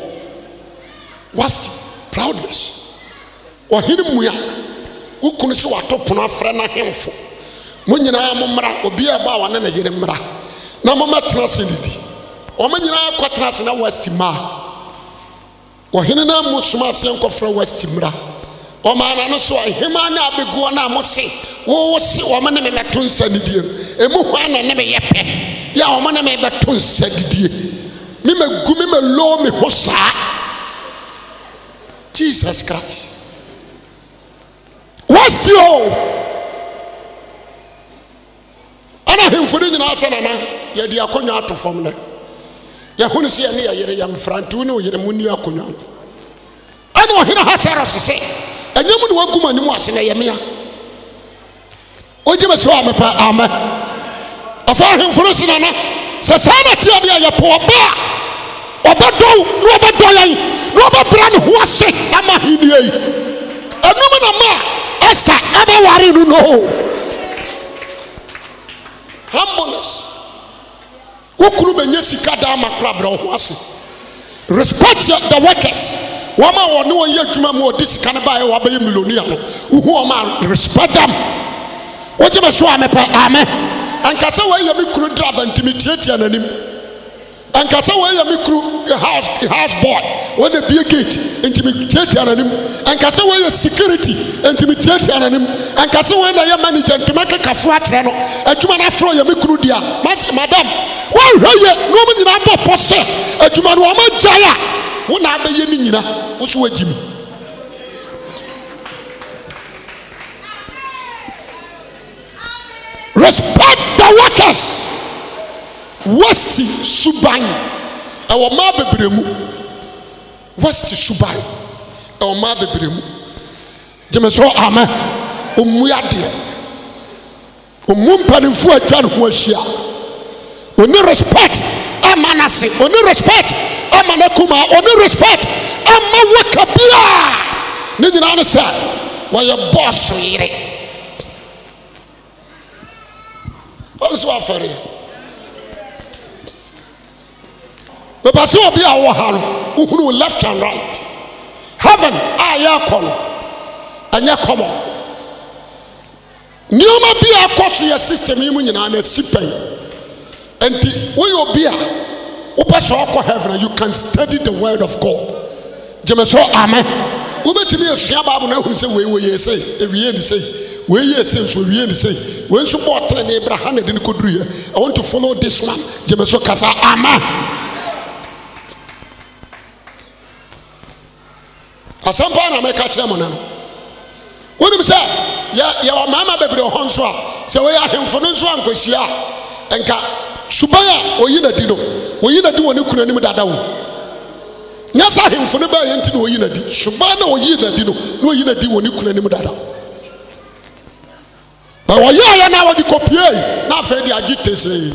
wasti proudness ɔhene mua wo kunu sɛ watopono afrɛ nohemfo mo nyinaa mommra obiaa baa wa ne ne yere mmara na momɛtera ase nidi ɔma nyinaa kɔtena ase na west maa ɔhene na mu somaaseɛnkɔfrɛ wastmmra ɔmaa na ne so hema ne abɛguɔ no a mo se wow se ɔmo ne mebɛto nsa nedie ɔmo ho ana ne meyɛ pɛ yɛ ɔmo ne mebɛto nsa nedie memɛgu me mɛlo me ho saa jesus khrist wast o ana hemfone nyinaa sɛ nana yɛdi akɔgya ato fam nɛ yɛhone sɛ yɛne yɛ yere yamfranti wo ne o yere monni akonwan ane ɔhena hasɛrɔ sesɛ anyam ne waguma nim ase na yamea wɔgyema sɛ ɔamɛpɛ ama ɔfa ahemforo senana sɛ saa na teane a yɛpɛ ɔbɛ a ɔbɛdɔwo ne ɔbɛdɔlan ne ɔbɛbra ne ho ase ama henniai anom na ma esta abɛware no no o hambolus wokuru bɛnya sika daa ma kora brɛ wo ho ase respect the workers wɔn wɔ ne wɔn yɛ adwuma mu wɔde sika no baeɛ wɔabɛyɛ milionia no wohu wɔn a respect them wogye me so a amɛ amen ɛnka sɛ wɔayɛ me kunu driver ntimi tiatia n'anim nkasa wɔn yɛ mi kuru house house boy wɔn na bie gate ntumi tiatia n'anim nkasa wɔn yɛ security ntumi tiatia n'anim nkasa wɔn na yɛ manager ntoma kekafo atrɛ no adwuma n'afro yɛ mi kuru deɛ madam wɔn ahwɛ yɛ na wɔn nyinaa bɔ pɔ sɛ adwuma no wɔn agya yɛ a wɔn na abɛyɛ ne nyina wɔn so wɔn agyi mu. respect the workers. wasti suban ɛwɔ ma bebremu wasti suban ɛwɔ ma bebremu gyeme sɛ amɛ ɔmmu yadeɛ ɔmu mpanimfo adwa ne ho ahyia ɔni respect ama nase one respect ama nokoma one respect ama waka biaa ne nyinaa ne sɛ wɔyɛ bɔɔsoyere ɔnso wafareɛ mepɛ sɛ obi a wɔ ha no wohunu left and right heaven a yɛakɔ no ɛnyɛ kɔmmɔ nneɔma bi a akɔ so yɛ system yi mu nyinaa na asi pɛn enti woyɛ obi a wopɛ sɛ ɔkɔ heaven you can study the word of god gyeme so amen wobɛtumi asua bible na ahunu sɛ weiwei yɛ sɛ ɛwie ne sɛi wei yɛ se nso wie ne se wei nso bɔɔ tere ne bra ha na ɛde ne kɔduruyɛ i want to follow this man gyeme so kasa amen asɛm na mɛka kyerɛ mo no no wonim sɛ yɛwɔ mmarima bebree ɔhɔ nso a sɛ wɔyɛ ahemfo no nso ankɔhyia a ɛnka suban a ɔyi n'adi no ɔyi n'adi wɔ ne kunu anim dada wo nyɛ sɛ ahemfo no bɛyɛ nti na ɔyi n'adi suban na ɔyi n'adi no na ɔyi n'adi wɔ ne kunu anim dada na wɔyɛ ayɛ na wɔde kɔpie na afei de agye tesee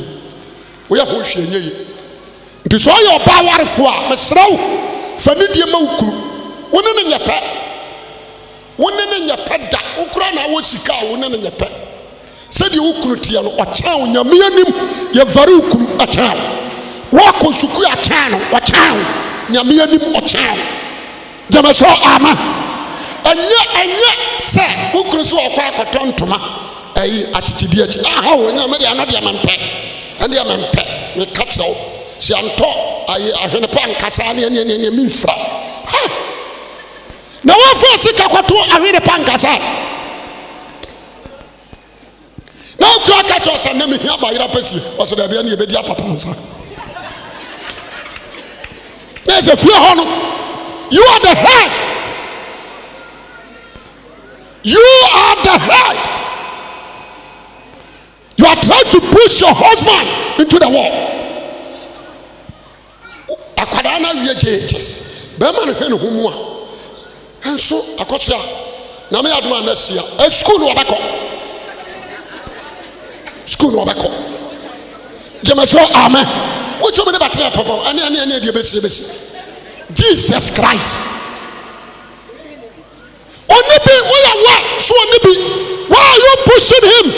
woyɛ ho hwɛ nye yi nti sɛ ɔyɛ ɔbaa awarefoɔ a mesrɛ wo die ma wo kuru wone ne nyɛpɛ nyɛ pɛ ne nyɛpɛ nyɛ pɛ da wo kora na wo sika a wo ne ne nyɛ pɛ sɛdeɛ wo kunu teɛ no ɔkyɛn wo nyame anim yɛvare wo kunu ɛkyɛn wo woakɔ suku akyɛn no ɔkyɛn wo nyame anim ɔkyɛn wo gyamɛ sɛ ama ɛnyɛ ɛnyɛ sɛ wo kunu so ɔkɔ akɔtɔ ntoma ɛyi akyekyedeɛ akyi aha wo nyame deɛ ano deɛ mempɛ ɛndeɛ mempɛ meka kyerɛ wo siantɔ ahwene pa nkasa ne ɛneɛneɛneɛ memfira ha na wofoɛsikakɔto ahwene pankasae na okura ka kesannɛmehia bayera pɛ sie ɔsɛ da bia no yɛbɛdi apapansa na ɛ sɛ fie hɔ no you are the hed you ae the hed you a trie to pus your husband into tde wal akwadaa no awiagyeɛkyes bɛima no hwɛ ne ho mu a nso akɔsia nyame yɛ adoma anasia ɛ sukuu na ɔbɛkɔ eh, sukuu na ɔbɛkɔ gyemɛsɛ amɛ wotwom ne batena pɔpɔ ɛne ɛne ɛne ɛdeɛ bɛsie bɛsi jesus christ ɔne bi woyɛ wa so ɔne bi why are you pushing him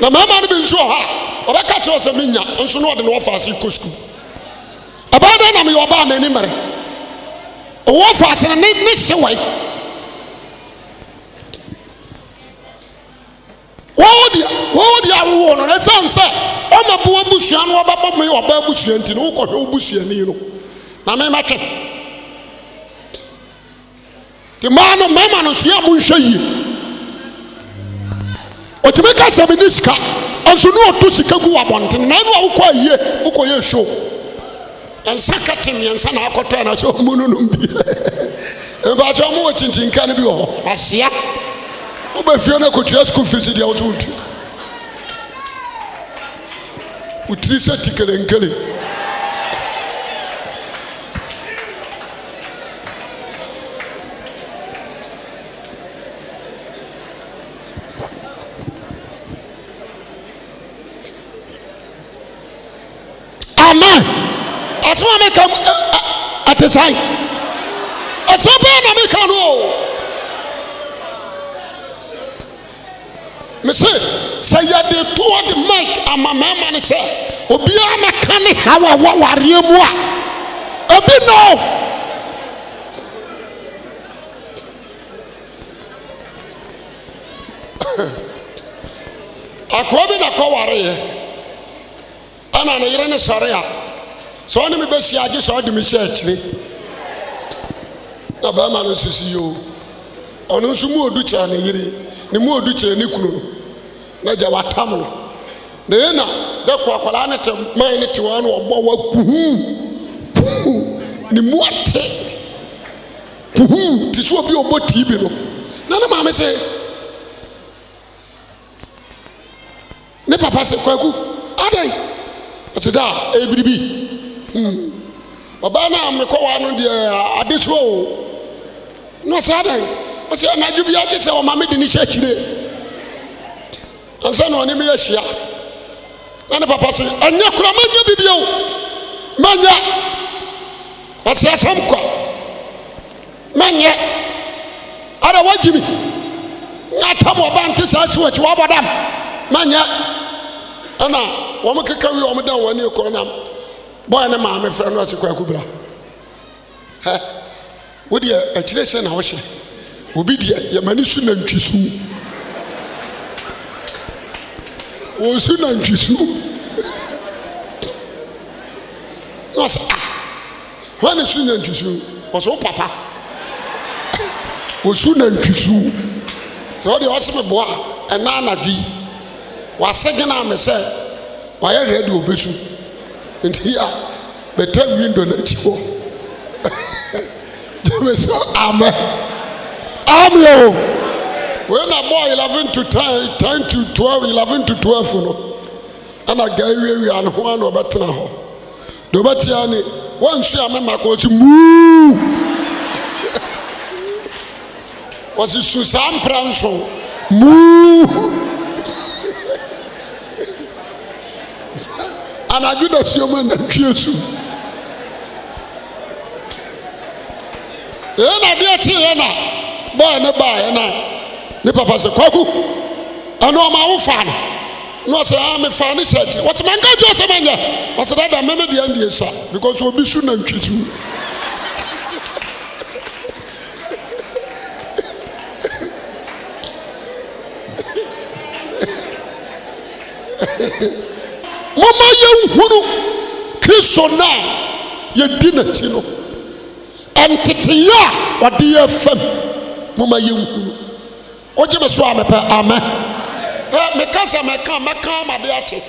na mmarima no bi nso wɔ hɔ ɔbɛka kyerɛ sɛ menya nso na ɔde ne wɔfaase kɔ sukuu ɛbɛyɛ dɛn na meyɛ ɔbaa m'ani mmerɛ ɔwɔ faase no ne ne hyewɛe wɔwɔ deɛ wɔwɔ deɛ awowo no na ɛsiane sɛ ɔma bu abusua no ɔbɛbɔ me ɔbaa abusua nti no wokɔhwɛ wo busuani no na memɛtwe nti mmaa no mmarima no soa monhwɛ yie ɔtumi ka sɛ mene sika nso ne ɔto sika gu wabɔnten na ɛno a wokɔ ayie wokɔyɛ show ɛnsa kɛte mmiɛnsa na akɔtɔ ana sɛ ɔmu no nom bi mpakyɛ ɔmo wɔ kyinkyinkra no bi wɔ hɔ asea wobɛfie no akɔtua school fees deɛ wo so wontua wotiri sɛ tikelenkele asɛm a meka mu ɛte sae asɛm bɛɛ na meka no o mese sɛ yɛde toɔ de mike ama mmarima no sɛ obiara mɛka ne haw a wɔwareɛ mu a ebi no akoa bi na kɔwareɛ ɛna ne yere ne sɔre a sɛ ɔne me agye sɛ ɔde me hyɛ akyire na bɛrima no nso yio ɔno nso mu ɔdu kyerɛ ne yere ne mu kyerɛ ne kunu na gya na na akwadaa ne te man ne te wɔn ɔbɔ wa kuhu ne mu ate kuhu te so obi a ɔbɔ no na ne maame ne papa kwaku adan ɔbaa hmm. na mekɔ waa no deɛ ade su o ne ɔsa a da ɔsɛ nadwobiagye sɛ wɔma me de ne hyɛ kyire ansɛ ne ɔne me yɛ hyia ane papa se ɛnyɛ kora mɛnyɛ dibi o manyɛ ɔseasɛm kwa manyɛ arɛ wogyimi atam ɔba nte saa si wakyi wɔabɔdam manyɛ ana wɔmekeka wie wɔmdan waneɛkuɔnam bɔɔl ne maame frɛ no ɔsi kɔ ɛkubira hɛ wo deɛ akyire hyɛ na ɔhyɛ obi deɛ yamani su na ntwi su wɔn su na ntwi su na ɔsi a wɔn ne su na ntwi su ɔsi wo papa wɔsu na ntwi su te ɔdeɛ ɔsi mi bɔ a ɛnan na bi wɔasɛ gyina mi sɛ wɔayɛ rɛdi obesu. ntia yia bɛtɛ windo n'akyi hɔ jɛmɛ sɔ amɛ amɛ o wei na bɔɔ eleven to 10 to 12 11 to twelve no ana gaa wiawia ne ho ano ɔbɛtena hɔ deɛ ɔbɛtea ne wɔnsu amɛ mako kɔ ɔsi muu wɔsi su saa mpra nso muu. anadwo da suom anantwie su ɛɛ na adeɛ eh, na bɔɔ ne ya eh, na ne papa sɛ kwaku ɛno ɔma wo faa no na ɔsɛ a mefaa ne hyɛ akyire wɔsɛ manka gye ɔsɛ manyɛ ɔsɛ dada mɛmɛ deɛ ndeɛ sa because obi su nantwi su momma yɛnhunu kristo no a yɛdi n'akyi no ɛnteteyɛ a ɔde yɛ fam momma yɛnhunu wogye me so a mepɛ amɛ eh, meka sɛ mɛka mɛka amade akye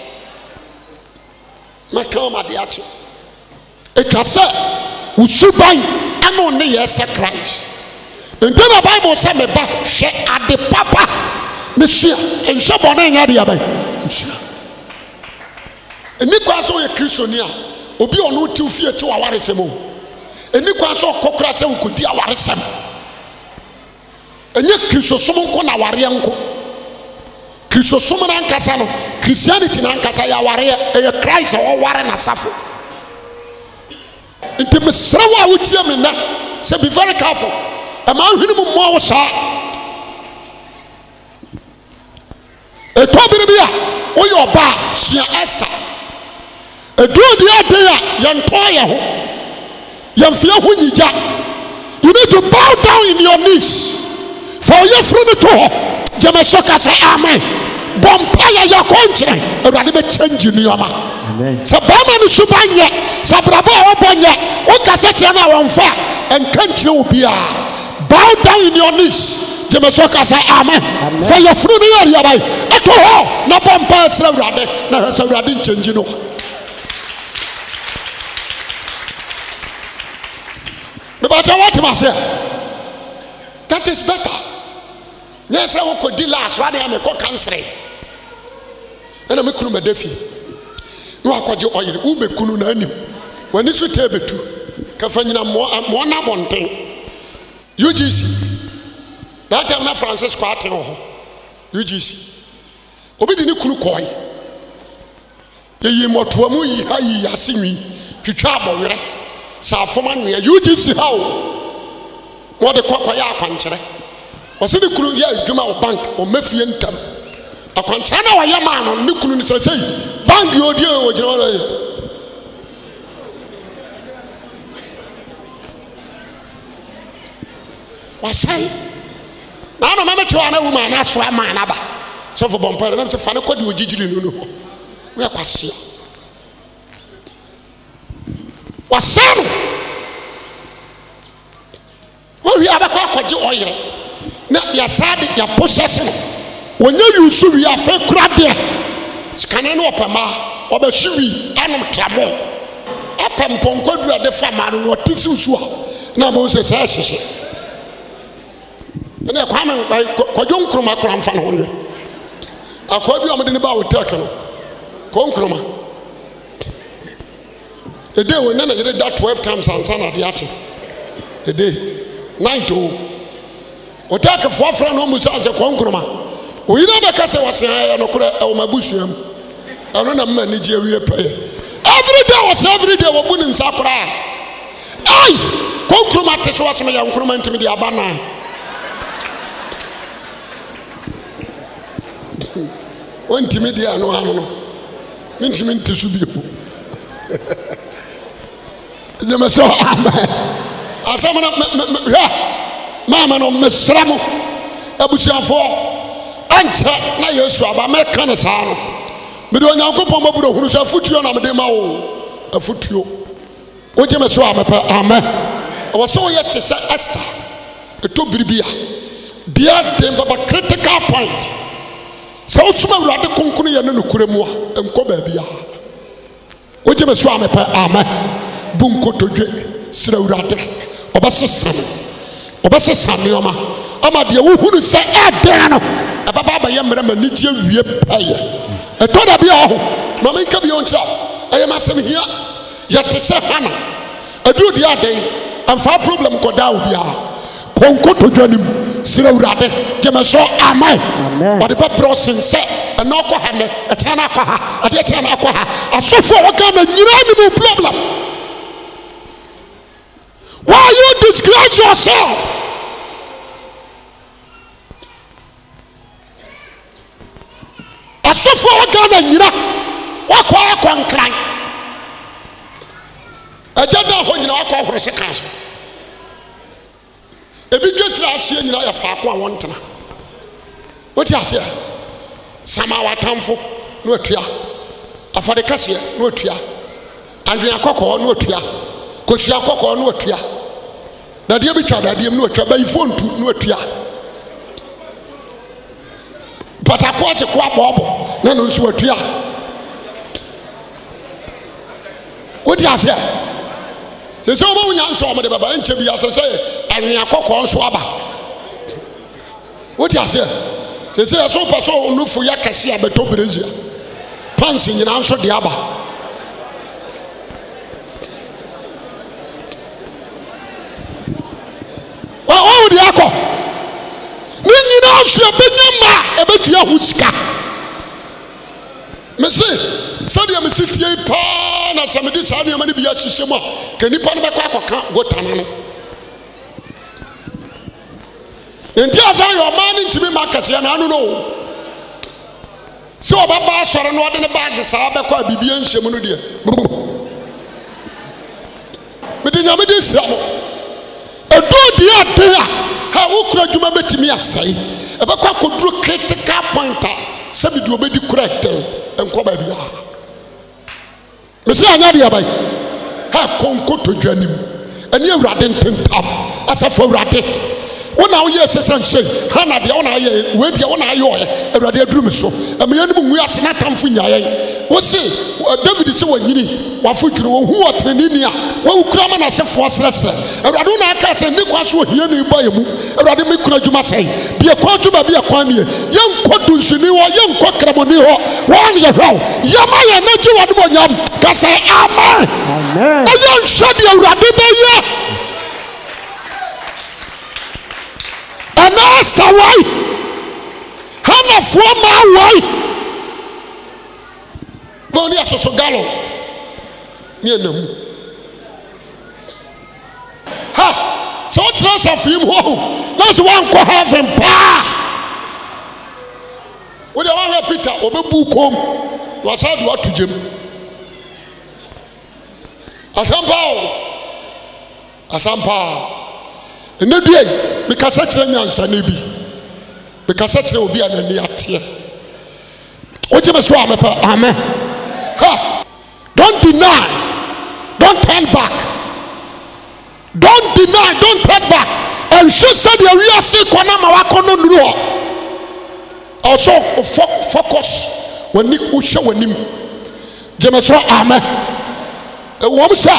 mɛka amade akye ɛtwa e sɛ wo suban ɛne wo ne yɛ sɛ christ nti e na bible sɛ meba hwɛ ade papa mesua e nhyɛ bɔne nyɛ adeɛ bɛn nsua ɛni kwan sɛ ɔyɛ kristoni a obi a ɔno tiw fie tiw awaresɛm o ɛni kwan sɛ ɔkɔ kora sɛ ɔkɔdi awaresɛm ɛnyɛ kristosom nko na awareɛ nko kristosom n'ankasa no christianity n'ankasa yɛ awareɛ ɛyɛ christ a ɔware n'asafo nti mesrɛ wo a wotie me nnɛ sɛ be very careful ɛma nhwene mu mmoa wo saa ɛtɔ bere bi a woyɛ ɔbaa sua esther aduodiɛ aden a yɛntɔɔ yɛ ho yɛmfe ɛ ho nyigyan uni to bow down in your nic fa wɔyɛ furo no to hɔ gyamasɔ kasɛ aman bɔmpa yɛyɛkɔ nkyerɛ awurade bɛkyɛngyinno yɔma sɛ bama no suba nyɛ sɛ brabɔ a wɔbɔ nyɛ wokasɛteɛ ne wɔmfa ɛnka nkyirɛ wɔ bi a bow down in your nec gyamaɛsɔ kasɛ aman fa yɛforo no yɛreyɛbae ɛto hɔ na bɔmpa ɛserɛ awurade na ɛ sɛ wurade nkyɛngyi no bibakye wɔte ma se that is better nyɛ sɛ wokɔ di last wa deɛ mekɔ kansere ɛna me kunu ma da fie na wakɔgye ɔyere wobɛkunu na anim w'ani so tɛ bɛtu kafa nyina mmoɔ na abɔnten ugc that time na francis kɔ ate wɔ hɔ ugc obi de ne kunu kɔe yɛyi mmɔtoa mu yi ha yi yɛ ase nwi twitwa abɔwerɛ sɛ afoma nnua ugc ha o wɔde kɔkɔyɛ akwankyerɛ wɔsi ne kunu yɛ adwuma wɔ bank ɔmɛ fie ntam akwankyerɛ na wɔyɛ maa no ne kunu no sɛ sɛyi bank yɛ odie wɔ gyina hɔ yɛ wasan naa na mɛmɛ kyerɛ wɔn anahu maa n'asoa maa n'aba sɔfo bɔnpɔ yɛrɛ nam sɛ fa ne kɔ di ogyegyiri no no hɔ wɔyɛ kwasia. ɔsa no owii a bɛkɔa kɔgye ɔyerɛ ne yɛsa de yɛpo sɛ se no ɔnyɛ yirsu wii a fɛi koradeɛ ikane ne ɔpɛ maa ɔbɛhwe wii anom tramɔɔ ɛpɛ mpɔnkɔdura de fama no na ɔte si wsu a na bɛhou sɛ sɛɛhyehye ɛne ɛkwamekɔdwe nkroma koramfa ne wo yɛ akwa bia mde no ba a wɔtaak no kɔ nkroma ade wɔnɛ neyere da 12 times ansa naadeɛ akye ade nantɔ o wɔta kefoɔfrɛ e, e no ɔmu saane sɛ kɔnknom a ɔyina bɛkɛ sɛ wɔaseaɛɛ no korɛ ɛwɔ mabusuam ɛno namma nigye wiɛ pɛɛ everyda wɔsɛ everyda wɔbu ne nsakora a ai kɔnkrom ate so wasomyɛ nknoma ntimi deɛ aba nna ɔntimi deɛ a no a no no mentim nte so biho gyeme so am asɛmhɛ maa me no meserɛ mo abusuamfoɔ ankyɛ na yɛ asu aba mɛɛka ne saa no mede onyankopɔn mabunohunu sɛ afotuo na mede ma wo afotuo wogye meso a mepɛ amɛ ɛwɔ sɛ woyɛ te sɛ asta ɛtɔ biribi a deɛ de pɛbɛ critical point sɛ wosom awurade konkono yɛ ne nokora mu a nkɔ baabia wogyemeso a mepɛ amɛ bunkotɔdwe sirɛwurade ɔbɛse sane ɔbɛse sanne ɔma ama deɛ wohunu sɛ adan no ɛbɛbaa bɛyɛ mmerɛ ma nigyeewie pɛyɛ ɛtɔ dabia ɔ ho mamenka biɛɔ nkyerɛ ɛyɛ maasɛmhia yɛte sɛ hana aduodeɛ aden amfaa problem kɔdaa wo biara kɔnkɔtɔdwa nim srɛawurade gyama sɛ amae ɔde bɛ brɛ sen sɛ ɛna ɔkɔ ha nɛ ɛkyena ne akɔ ha adeɛ kyera ne akɔ ha asofoɔ wɔkaa na nyira nim problem wyou disclage yourself asofoɔ woga na nyina woakɔ ɛkɔ nkran agya da hɔ nyina wakɔ horo se ka so ebi gwa tiraa seɛ nyina yɛfaa ko a wɔ ntena wotiasea samaa w'atamfo na atua afɔde kɛseɛ na atua anweeakɔkɔɔ na atua kɔhyia kɔkɔɔ ne watua dadeɛ bi twa dadeɛ mu ne watua bayifo ntu ne watua patako akye ko abɔɔbɔ na no nso watua wodi aseɛ sɛ sɛ wobɛwo nya nsɛ ɔmde bɛba ɛnkyɛ bi asɛ sɛ ɛnwea kɔkɔɔ nso aba wodi aseɛ sɛ sɛ yɛ so wopɛ sɛ wo nofo yɛ kɛse a bɛtɔ berɛsia panse nyinaa nso de aba ba ɔwɔ de akɔ ne nyinaa nso ɛbɛnya ma ɛbɛtua ho sika mese sɛdeɛ mese tie yi paa na sɛ mede saa nneɛma no bi ahyehyɛ mu a ka nnipa no bɛkɔ akɔka gotana no nti a sɛ yɛ ɔmaa no ntimi ma kɛseɛ naano no o sɛ ɔbɛba asɔre no ɔde ne baage saa bɛkɔ a biribia nhyɛ no deɛ mede nyamede de sira mo ɛade a a wo kona adwuma bɛtumi asɛe ɛbɛkɔ akɔduro kretika apointa sɛ bido obɛdi korɛ ɛtɛn nkɔbaabiahɔ mesɛ yɛanya biabayi a ɛkɔnkɔtɔdwa nim ɛne awurade ntentam asɛfo awurade wọn na ayɛ sɛsɛ nhyɛ ha na deɛ wọn na ayɛ wei deɛ wọn na ayɛ ɔyɛ awurade aduru mi so ɛmɛ yɛn nimu nwia sena atamfo nyaayɛ wosi eh, david sɛ wɔnyini wafo twere wohu ɔtenini a wɔwu kura ma n'asefoɔ serɛserɛ awurade wọn na aka sɛ ne kwan so ohia ne ba yɛ mu awurade mi kuna adwuma sɛn bie kwan to baabi yɛ kwan nie yɛn nkɔ dunsini hɔ yɛn nkɔ kramoni hɔ wɔn yɛ hwɛw yɛma yɛn n'akyi wɔn mo nyam kasa amen ɛyɛ nhwɛ deɛ awurade bɛyɛ. ɛna asa wai hanafoɔ maa wai na ɔne asoso galo ne ɛnam ha sɛ wotena asafo yi mu hɔ na sɛ woankɔ heaven paa wode woahwɛ peter ɔbɛbu kom wasa de woato gyam asɛm paa o asɛm paa ɛnɛ dua mekasa kyerɛ nyansane bi mekasa kyerɛ obi a n'ani ateɛ wogye me so a mepɛ amen ha don't deny don't turn back don't deny don't turn back ɛnhwɛ sɛdeɛ wiase kɔ na ma wakɔ no nuru hɔ ɔsɛ focus w'ani wohyɛ w'anim gye me so amen ɛwɔm sɛ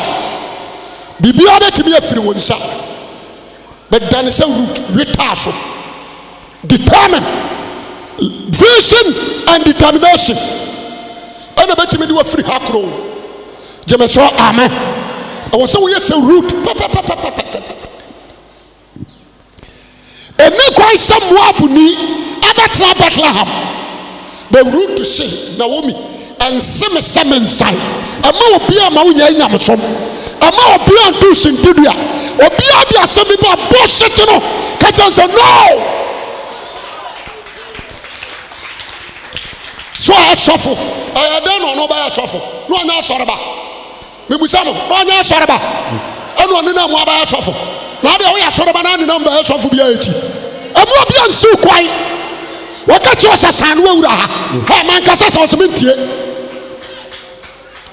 biribiara bɛtumi afiri wo nsa ɛdane sɛ rut wetaa so determine vision and determination ɛna bɛtumi de wafiri ha koroo gyeme sɛ ame ɛwɔ sɛ woyɛ sɛ rut ɛne kan sɛ mmoaabuni abɛtena batleham bɛ rut hye naomi nseme sɛme nsae ama obia a ma wonyainyamesom ama obi anto sentidua obi adi asɛm bi ba bɔ sete no kakyɛ nsɛ no so a asɔfo ɛyɛ dɛn na ɔno ɔbɛyɛ asɔfo na ɔnyɛ asɔreba mibusa na ɔnyɛ asɔreba ɛna ɔne na mu abɛyɛ asɔfo na adeɛ ɔyɛ asɔreba na ɔne na mu bɛyɛ asɔfo bi akyi ɛmu obi ansiw kwae wɔkɛ kyerɛ ɔsɛ saa no ha ha mankasa sɛ ɔsɛ mi ntie.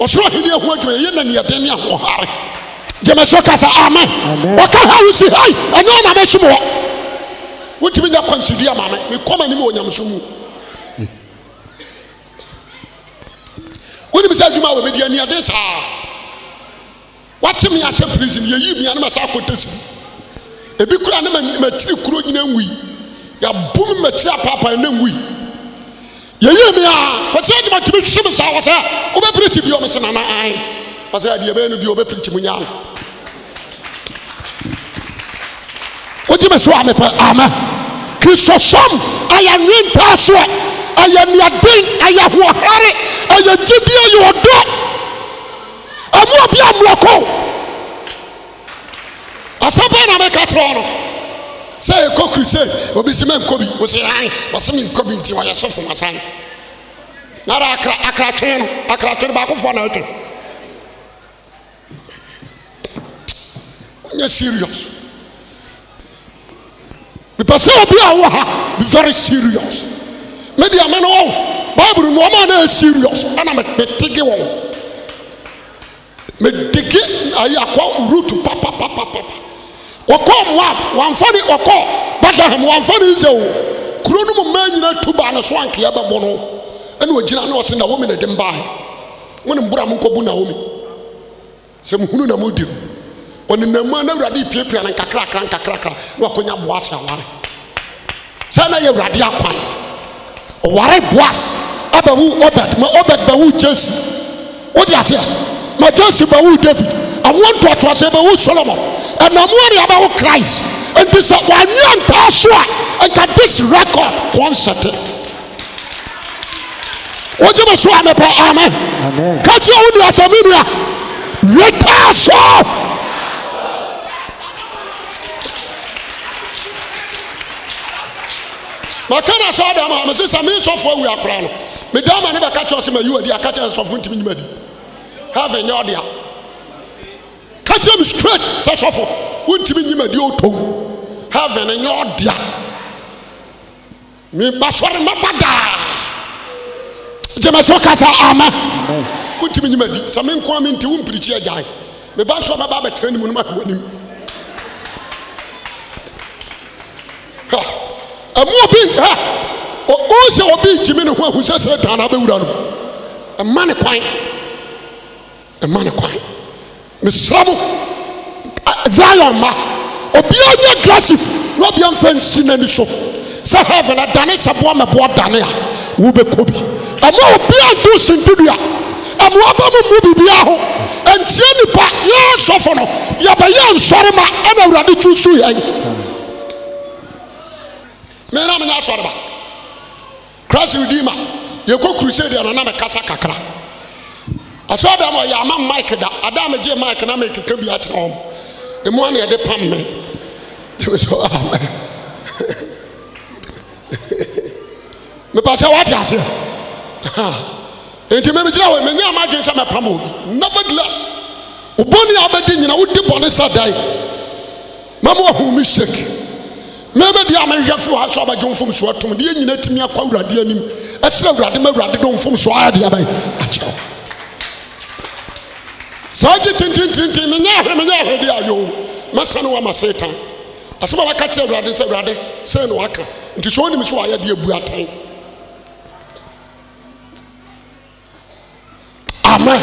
ɔsoro ahenni ho adwuma yɛyɛ na naniɛden ne ahoɔhare gyeme so ka sa amen ɔka ha wo si hai ɛno ana mɛsom wɔ wotumi nya kwansidua ama me mekɔma wɔ ɔnyamso mu wonim sɛ adwuma a wɔbɛdi aniɛden saa wakye me ahyɛ prison yɛyii mia ne ma saa kɔtasi ebi kora ne makyiri kuro nyina ngui yɛabom makyiri apaapaa ne ngui yɛye me a fɔsɛagyematimi wseme sawɔ sɛ wobɛprɛkibio me se nana a par se ke adiamɛɛ no bio bɛprɛki munyano wogyeme sowa mepɛ ama kisosom ayɛ nwenpaa soɛ ayɛ meaden ayɛhoɔhare̱ ayɛgyebi ayɛɔdɔ amua bia mlɔko asampa na ameka trɔ no sɛ yɛkɔ crusade obi sɛ mankɔ bi wo sɛ an wɔsɛ menkɔ bi nti wɔyɛ sɔfo masan na ara akra akratwe no akratwe no baakofoɔ na ɛtwe wonyɛ serious mepɛ sɛ obi a wo ha be very serious mede ama no wɔwo bible mu ɔma na ɛ e serious ɛna metege wɔn medege ayi akɔ root papapapapapa wɔkɔɔ moab wɔamfa ne ɔkɔ bethlehem wɔamfa ne o kuro no mu mmaa nyina tu baa ne so ankeɛ bɛbɔ no ɛne ɔgyina ne ɔse naomi ne de mbaa mo ne mbora monkɔbu nkɔbu naomi sɛ muhunu na modi no ɔnenam a na awurade piapia ne nkakrakra nkakrakra na wakɔnya boas aware sɛ na yɛ awurade akwan ɔware boas abɛwu obed ma obed bɛwu jesi wode aseɛ ma jesi bɛwu david awoɔ ntoatoaseɛ bɛwu solomon ɛna ɔmo wɔre abɛwo christ nti sɛ wɔanwea ntaa so a nka this record kɔnsɛte wogye me so a mepɛ amen ka kyerɛ wo nua sɛ me nua wetaa so maka na sɛ adam a mese sɛ me sɔfoɔ awu akora no meda ma ne bɛka kyerɛ sɛ mayi adi aka kyerɛ sɔfoɔ ntimi nyima di have nyɛ ɔdea kakyem strat sɛ sɔfo wontimi nnyimadi ɔtɔ w haven nyɛ ɔdea masɔre maba daa gyamasɛ ka sa ama wontim nyimaadi sɛ menkoa menti wompirikyi agyan meba so a mɛbaa bɛkerɛ nimu nom adaw'animmobosɛ wɔbe gyimi ne ho ahu sɛ sɛ daa na bɛwura no ma ne kwa ma ne kwan mesrɛ mo zion ma obiara nyɛ glasif na obiara mfa nsi n'ani so sɛ heaven adane sɛ boa mɛboa dane a wobɛkɔ bi ɛma obiara do sentudi a ɛmoaba mo mu biribiara ho ɛntie nnipa yɛn sɔfo no yɛbɛyɛ nsɔre ma ɛna awurade tusu yɛn mena menyɛ asɔre ba christ redeemer yɛkɔ crusade ɛno na mekasa kakra asɔre dɛm ɔyɛ ama mic da adaa mi gye mic na mi keke bi akyerɛ wɔn emu ani yɛde pam mi tẹmi sọ amen ah, mipakyɛ wate Ha. nti mɛmi gyina hɔ mɛ nyɛ ama gye sɛ mɛ pam obi nevertheless obɔni a bɛdi nyina wodi bɔne sɛ dan mɛmo ahu mistake mɛmɛ di a mɛhwɛ fi hɔ asɔ abɛgye mfom so atom deɛ nyina tumi akɔ awurade anim ɛsrɛ awurade ma awurade de mfom so ayɛ deɛ abɛyɛ akyɛw saa gye tintintintin menyɛ ahwɛ menyɛ ahwɛ bi ayoo mɛsane wama seetan asɛm a waka kyerɛ awurade sɛ awurade sɛn na waka nti sɛ wonim so wayɛ de abu atan amen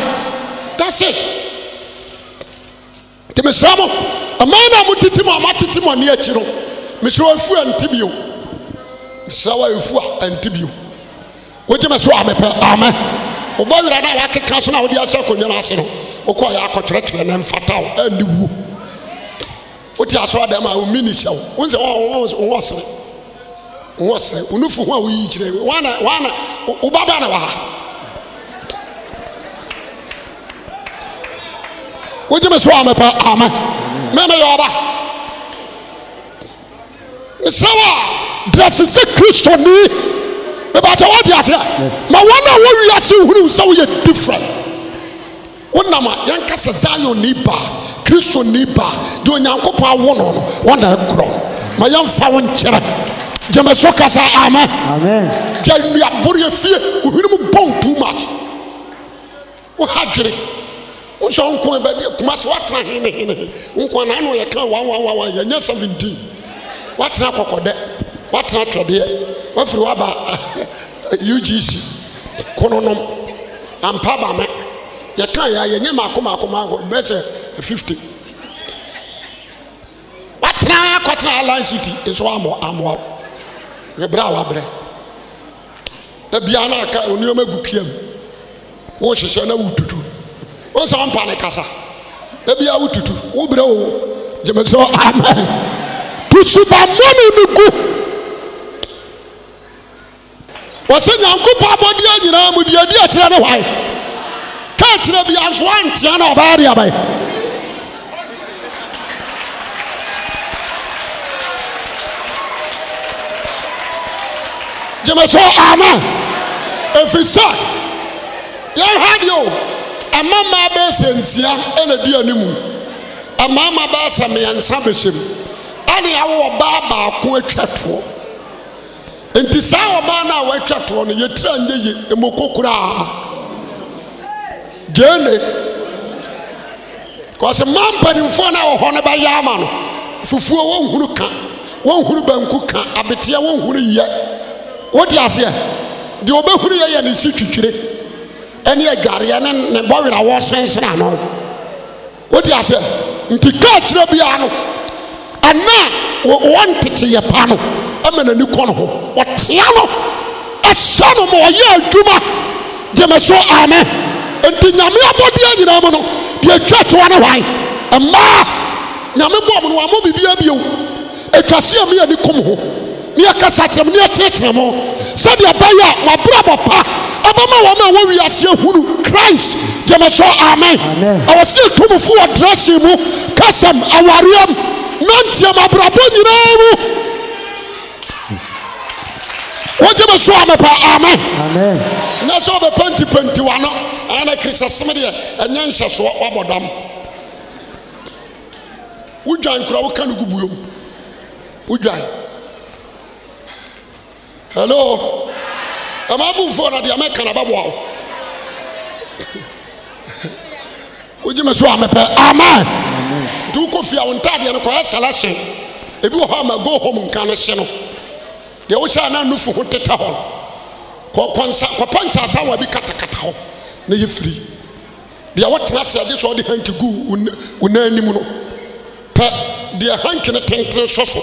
that's it nti mesrɛ mo ɛman no a motete mu a moatete mu ane akyi no mesrɛ wafu ante bio mesrɛ wa ɛfu a ante bio wogye me so amepɛ amen wobɔ werɛ no a wakeka so no a wode ahyɛ akonnwa no ase no wokɔ yɛ akɔtwerɛtwerɛ ne mfata wo ɛnni wu wote asɔ adam a omi ni hyɛ wo wonsɛ wɔwɔ sere wɔwɔ sere wo nufu ho a woyi kyerɛ wana wana wo baba na wɔ ha wogye me so a mepɛ ama mɛmɛ yɛ ɔba nsɛm a dɛsɛ sɛ kristo ni mebɛkyɛ wɔde aseɛ ma wɔn a wɔwi ase huru sɛ woyɛ different wonam a yɛnka sɛ zion ni ba kristo ni ba deɛ onyankopɔn awo no no wɔna ɛkorɔ ma yɛmfa wo nkyerɛ gyeme so kasa ama gya nnuaboreɛ fie wohwenem bɔn too much woha dwere wosɛ wonko baabi kuma sɛ woatena hene hene wonko na ano yɛka wawawawa yɛnyɛ 17 woatena kɔkɔdɛ woatena twɛdeɛ woafiri woaba ugc kononom ampa ba me yɛka yɛ a yɛnyɛ maako maako maako bɛɛ sɛ fifty watena akɔtena alan city nso amɔ amoa ɛbrɛ a wabrɛ na bia no aka onneɛma gu kia mu wohyehyɛ na wotutu wo sɛ wompa ne kasa na bia wotutu wobrɛ wo gyeme sɛ amen tusubammɔne no gu wɔ sɛ nyankopɔn abɔdeɛ nyinaa mu deɛ adi akyerɛ ne hwae kɛ kyirɛ biansoantea na ɔbaɛdea bɛe gyeme so ana ɛfiisɛ yɛhadeɛ o ɛmama bɛɛsɛ nsia naduani mu ɛmama bɛɛsɛmeyɛnsa bɛhyɛm anea woɔbaa baako atwa toɔ enti saa wɔbaa na wɔatwɛ toɔ no yɛtira nyɛ yi mmɔ kokoraa gyene kɔsi maa mpanimfoɔ no a wɔhɔ no bɛyɛ ama no fufuo wɔnhunu ka wɔnhunu banku ka abeteɛ wɔnhunu yɛ wɔte aseɛ deɛ wɔbɛhunu yɛ yɛ ne si twitwire ɛne adwareɛ ne ne bɔwerɛ a wɔsensene ano wɔte aseɛ nti kaa kyerɛ biara no anaa wɔnteteyɛ pa no ama n'ani kɔ no ho wɔtea no ɛsɛ no ma ɔyɛ adwuma deɛ so amen nti nyame abɔdeɛ nyinaa mu no deɛ twa toa no hwan mmaa nyame bɔɔ mu no wamɔ biribia bio atwa se a meyɛ ni kom ho ne yɛkasa kyerɛ m ne yɛtenetene mo sɛdeɛ ɛbɛyɛ a wabrabɔ pa ɛbɛma wɔn a wɔwi aseɛ hunu christ gyeme so amen ɛwɔ sɛ tumfo wɔ dresse mu kasɛm awareɛm nantiɛm abrabɔ nyinaa mu wogyeme so amɛpa amen, amen ɛnyɛ sɛ wobɛpɛntipɛntiwa no ɛyɛ na kirisɛsem deɛ ɛnyɛ nhyɛsoɔ woabɔ dam wodwan kora woka no gubuom wodwan hello ɛma abumfoɔ no deɛ mɛka na bɛboa wo wogye me so a mepɛ amen nti wokɔ fie a wo ntadeɛ no kɔyɛ sala hye ebi wɔ hɔ ama go home nka no hye no deɛ wohyɛ a na nufu ho teta hɔ no kɔpɔ nsaasa wɔ bi katakata hɔ ne yɛ firi deɛ wɔtena ase agye sɛ ɔde hanki gu wo nan anim no pɛ deɛ hanki no tentene sɔ so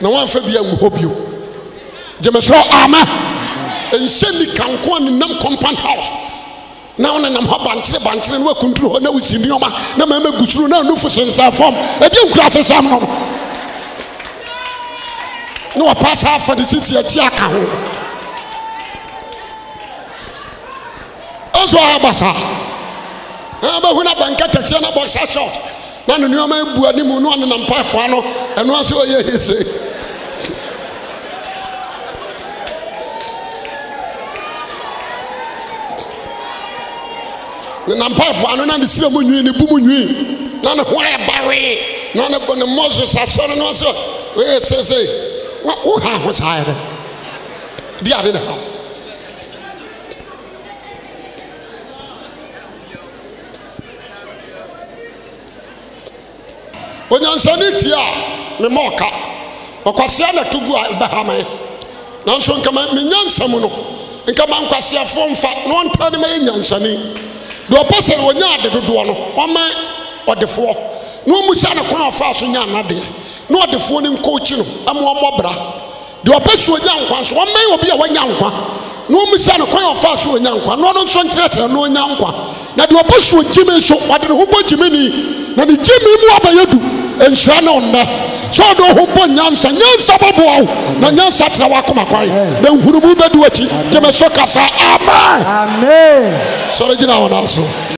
na wɔamfa bi angu hɔ bio gyeme sɛ e ama nhyɛ ni kanko a nenam compound house na wo nenam hɔ bankyere bankyere na wakunturu hɔ na wosi nneɔma na mama gu soro na anufo sensa fam ɛdeɛ e nkura sesam no na wɔpa saa afa de sisi akyi aka ho ɔnso aba saa abɛhu no abankatakyiɛ no bɔhyɛ short na ne nneɔma abu animu ne ɔne nam paapoa no ɛno a sɛ ɔyɛ hese nenam paapoa no na ne sira mu nwii ne bu mu nwii na ne ho ayɛ bawee na ne ne mmɔ so sasɔre no sɛ ɔyɛ sesei woha ho saa yɛ dɛ di ade ne ha onyansani tie a me ma ɔka ɔkwasea na to gu a ɛbɛha me nanso nkama menya nsɛm no nkama nkwaseafoɔ mfa na ɔntaa ne ma yɛ nyansani deɛ ɔpɛ sɛ wɔnya ade dodoɔ no ɔma ɔdefoɔ na ɔmu sa ne kwan a ɔfaa so nya anadeɛ na ɔdefoɔ ne nkɔɔkyi no ama ɔmmɔ bra deɛ ɔpɛ sɛ ɔnya nkwa nso ɔma obi a wɔanya nkwa na wɔn sɛ no kwan ɔfa so onya nkwa na ɔno nso nkyerɛkyerɛ na onya nkwa na deɛ ɔbɔ so gyimi nso ɔde ne ho bɔ gyimi ni na ne gyimi mu abɛyɛ du nhyira ne ɔnnɛ sɛ ɔde ho bɔ nyansa nyansa bɛboa wo na nyansa kyerɛ wakoma kwan na nhunumu bɛdi w'akyi gyeme so kasa amen sɔre gyina wɔn aso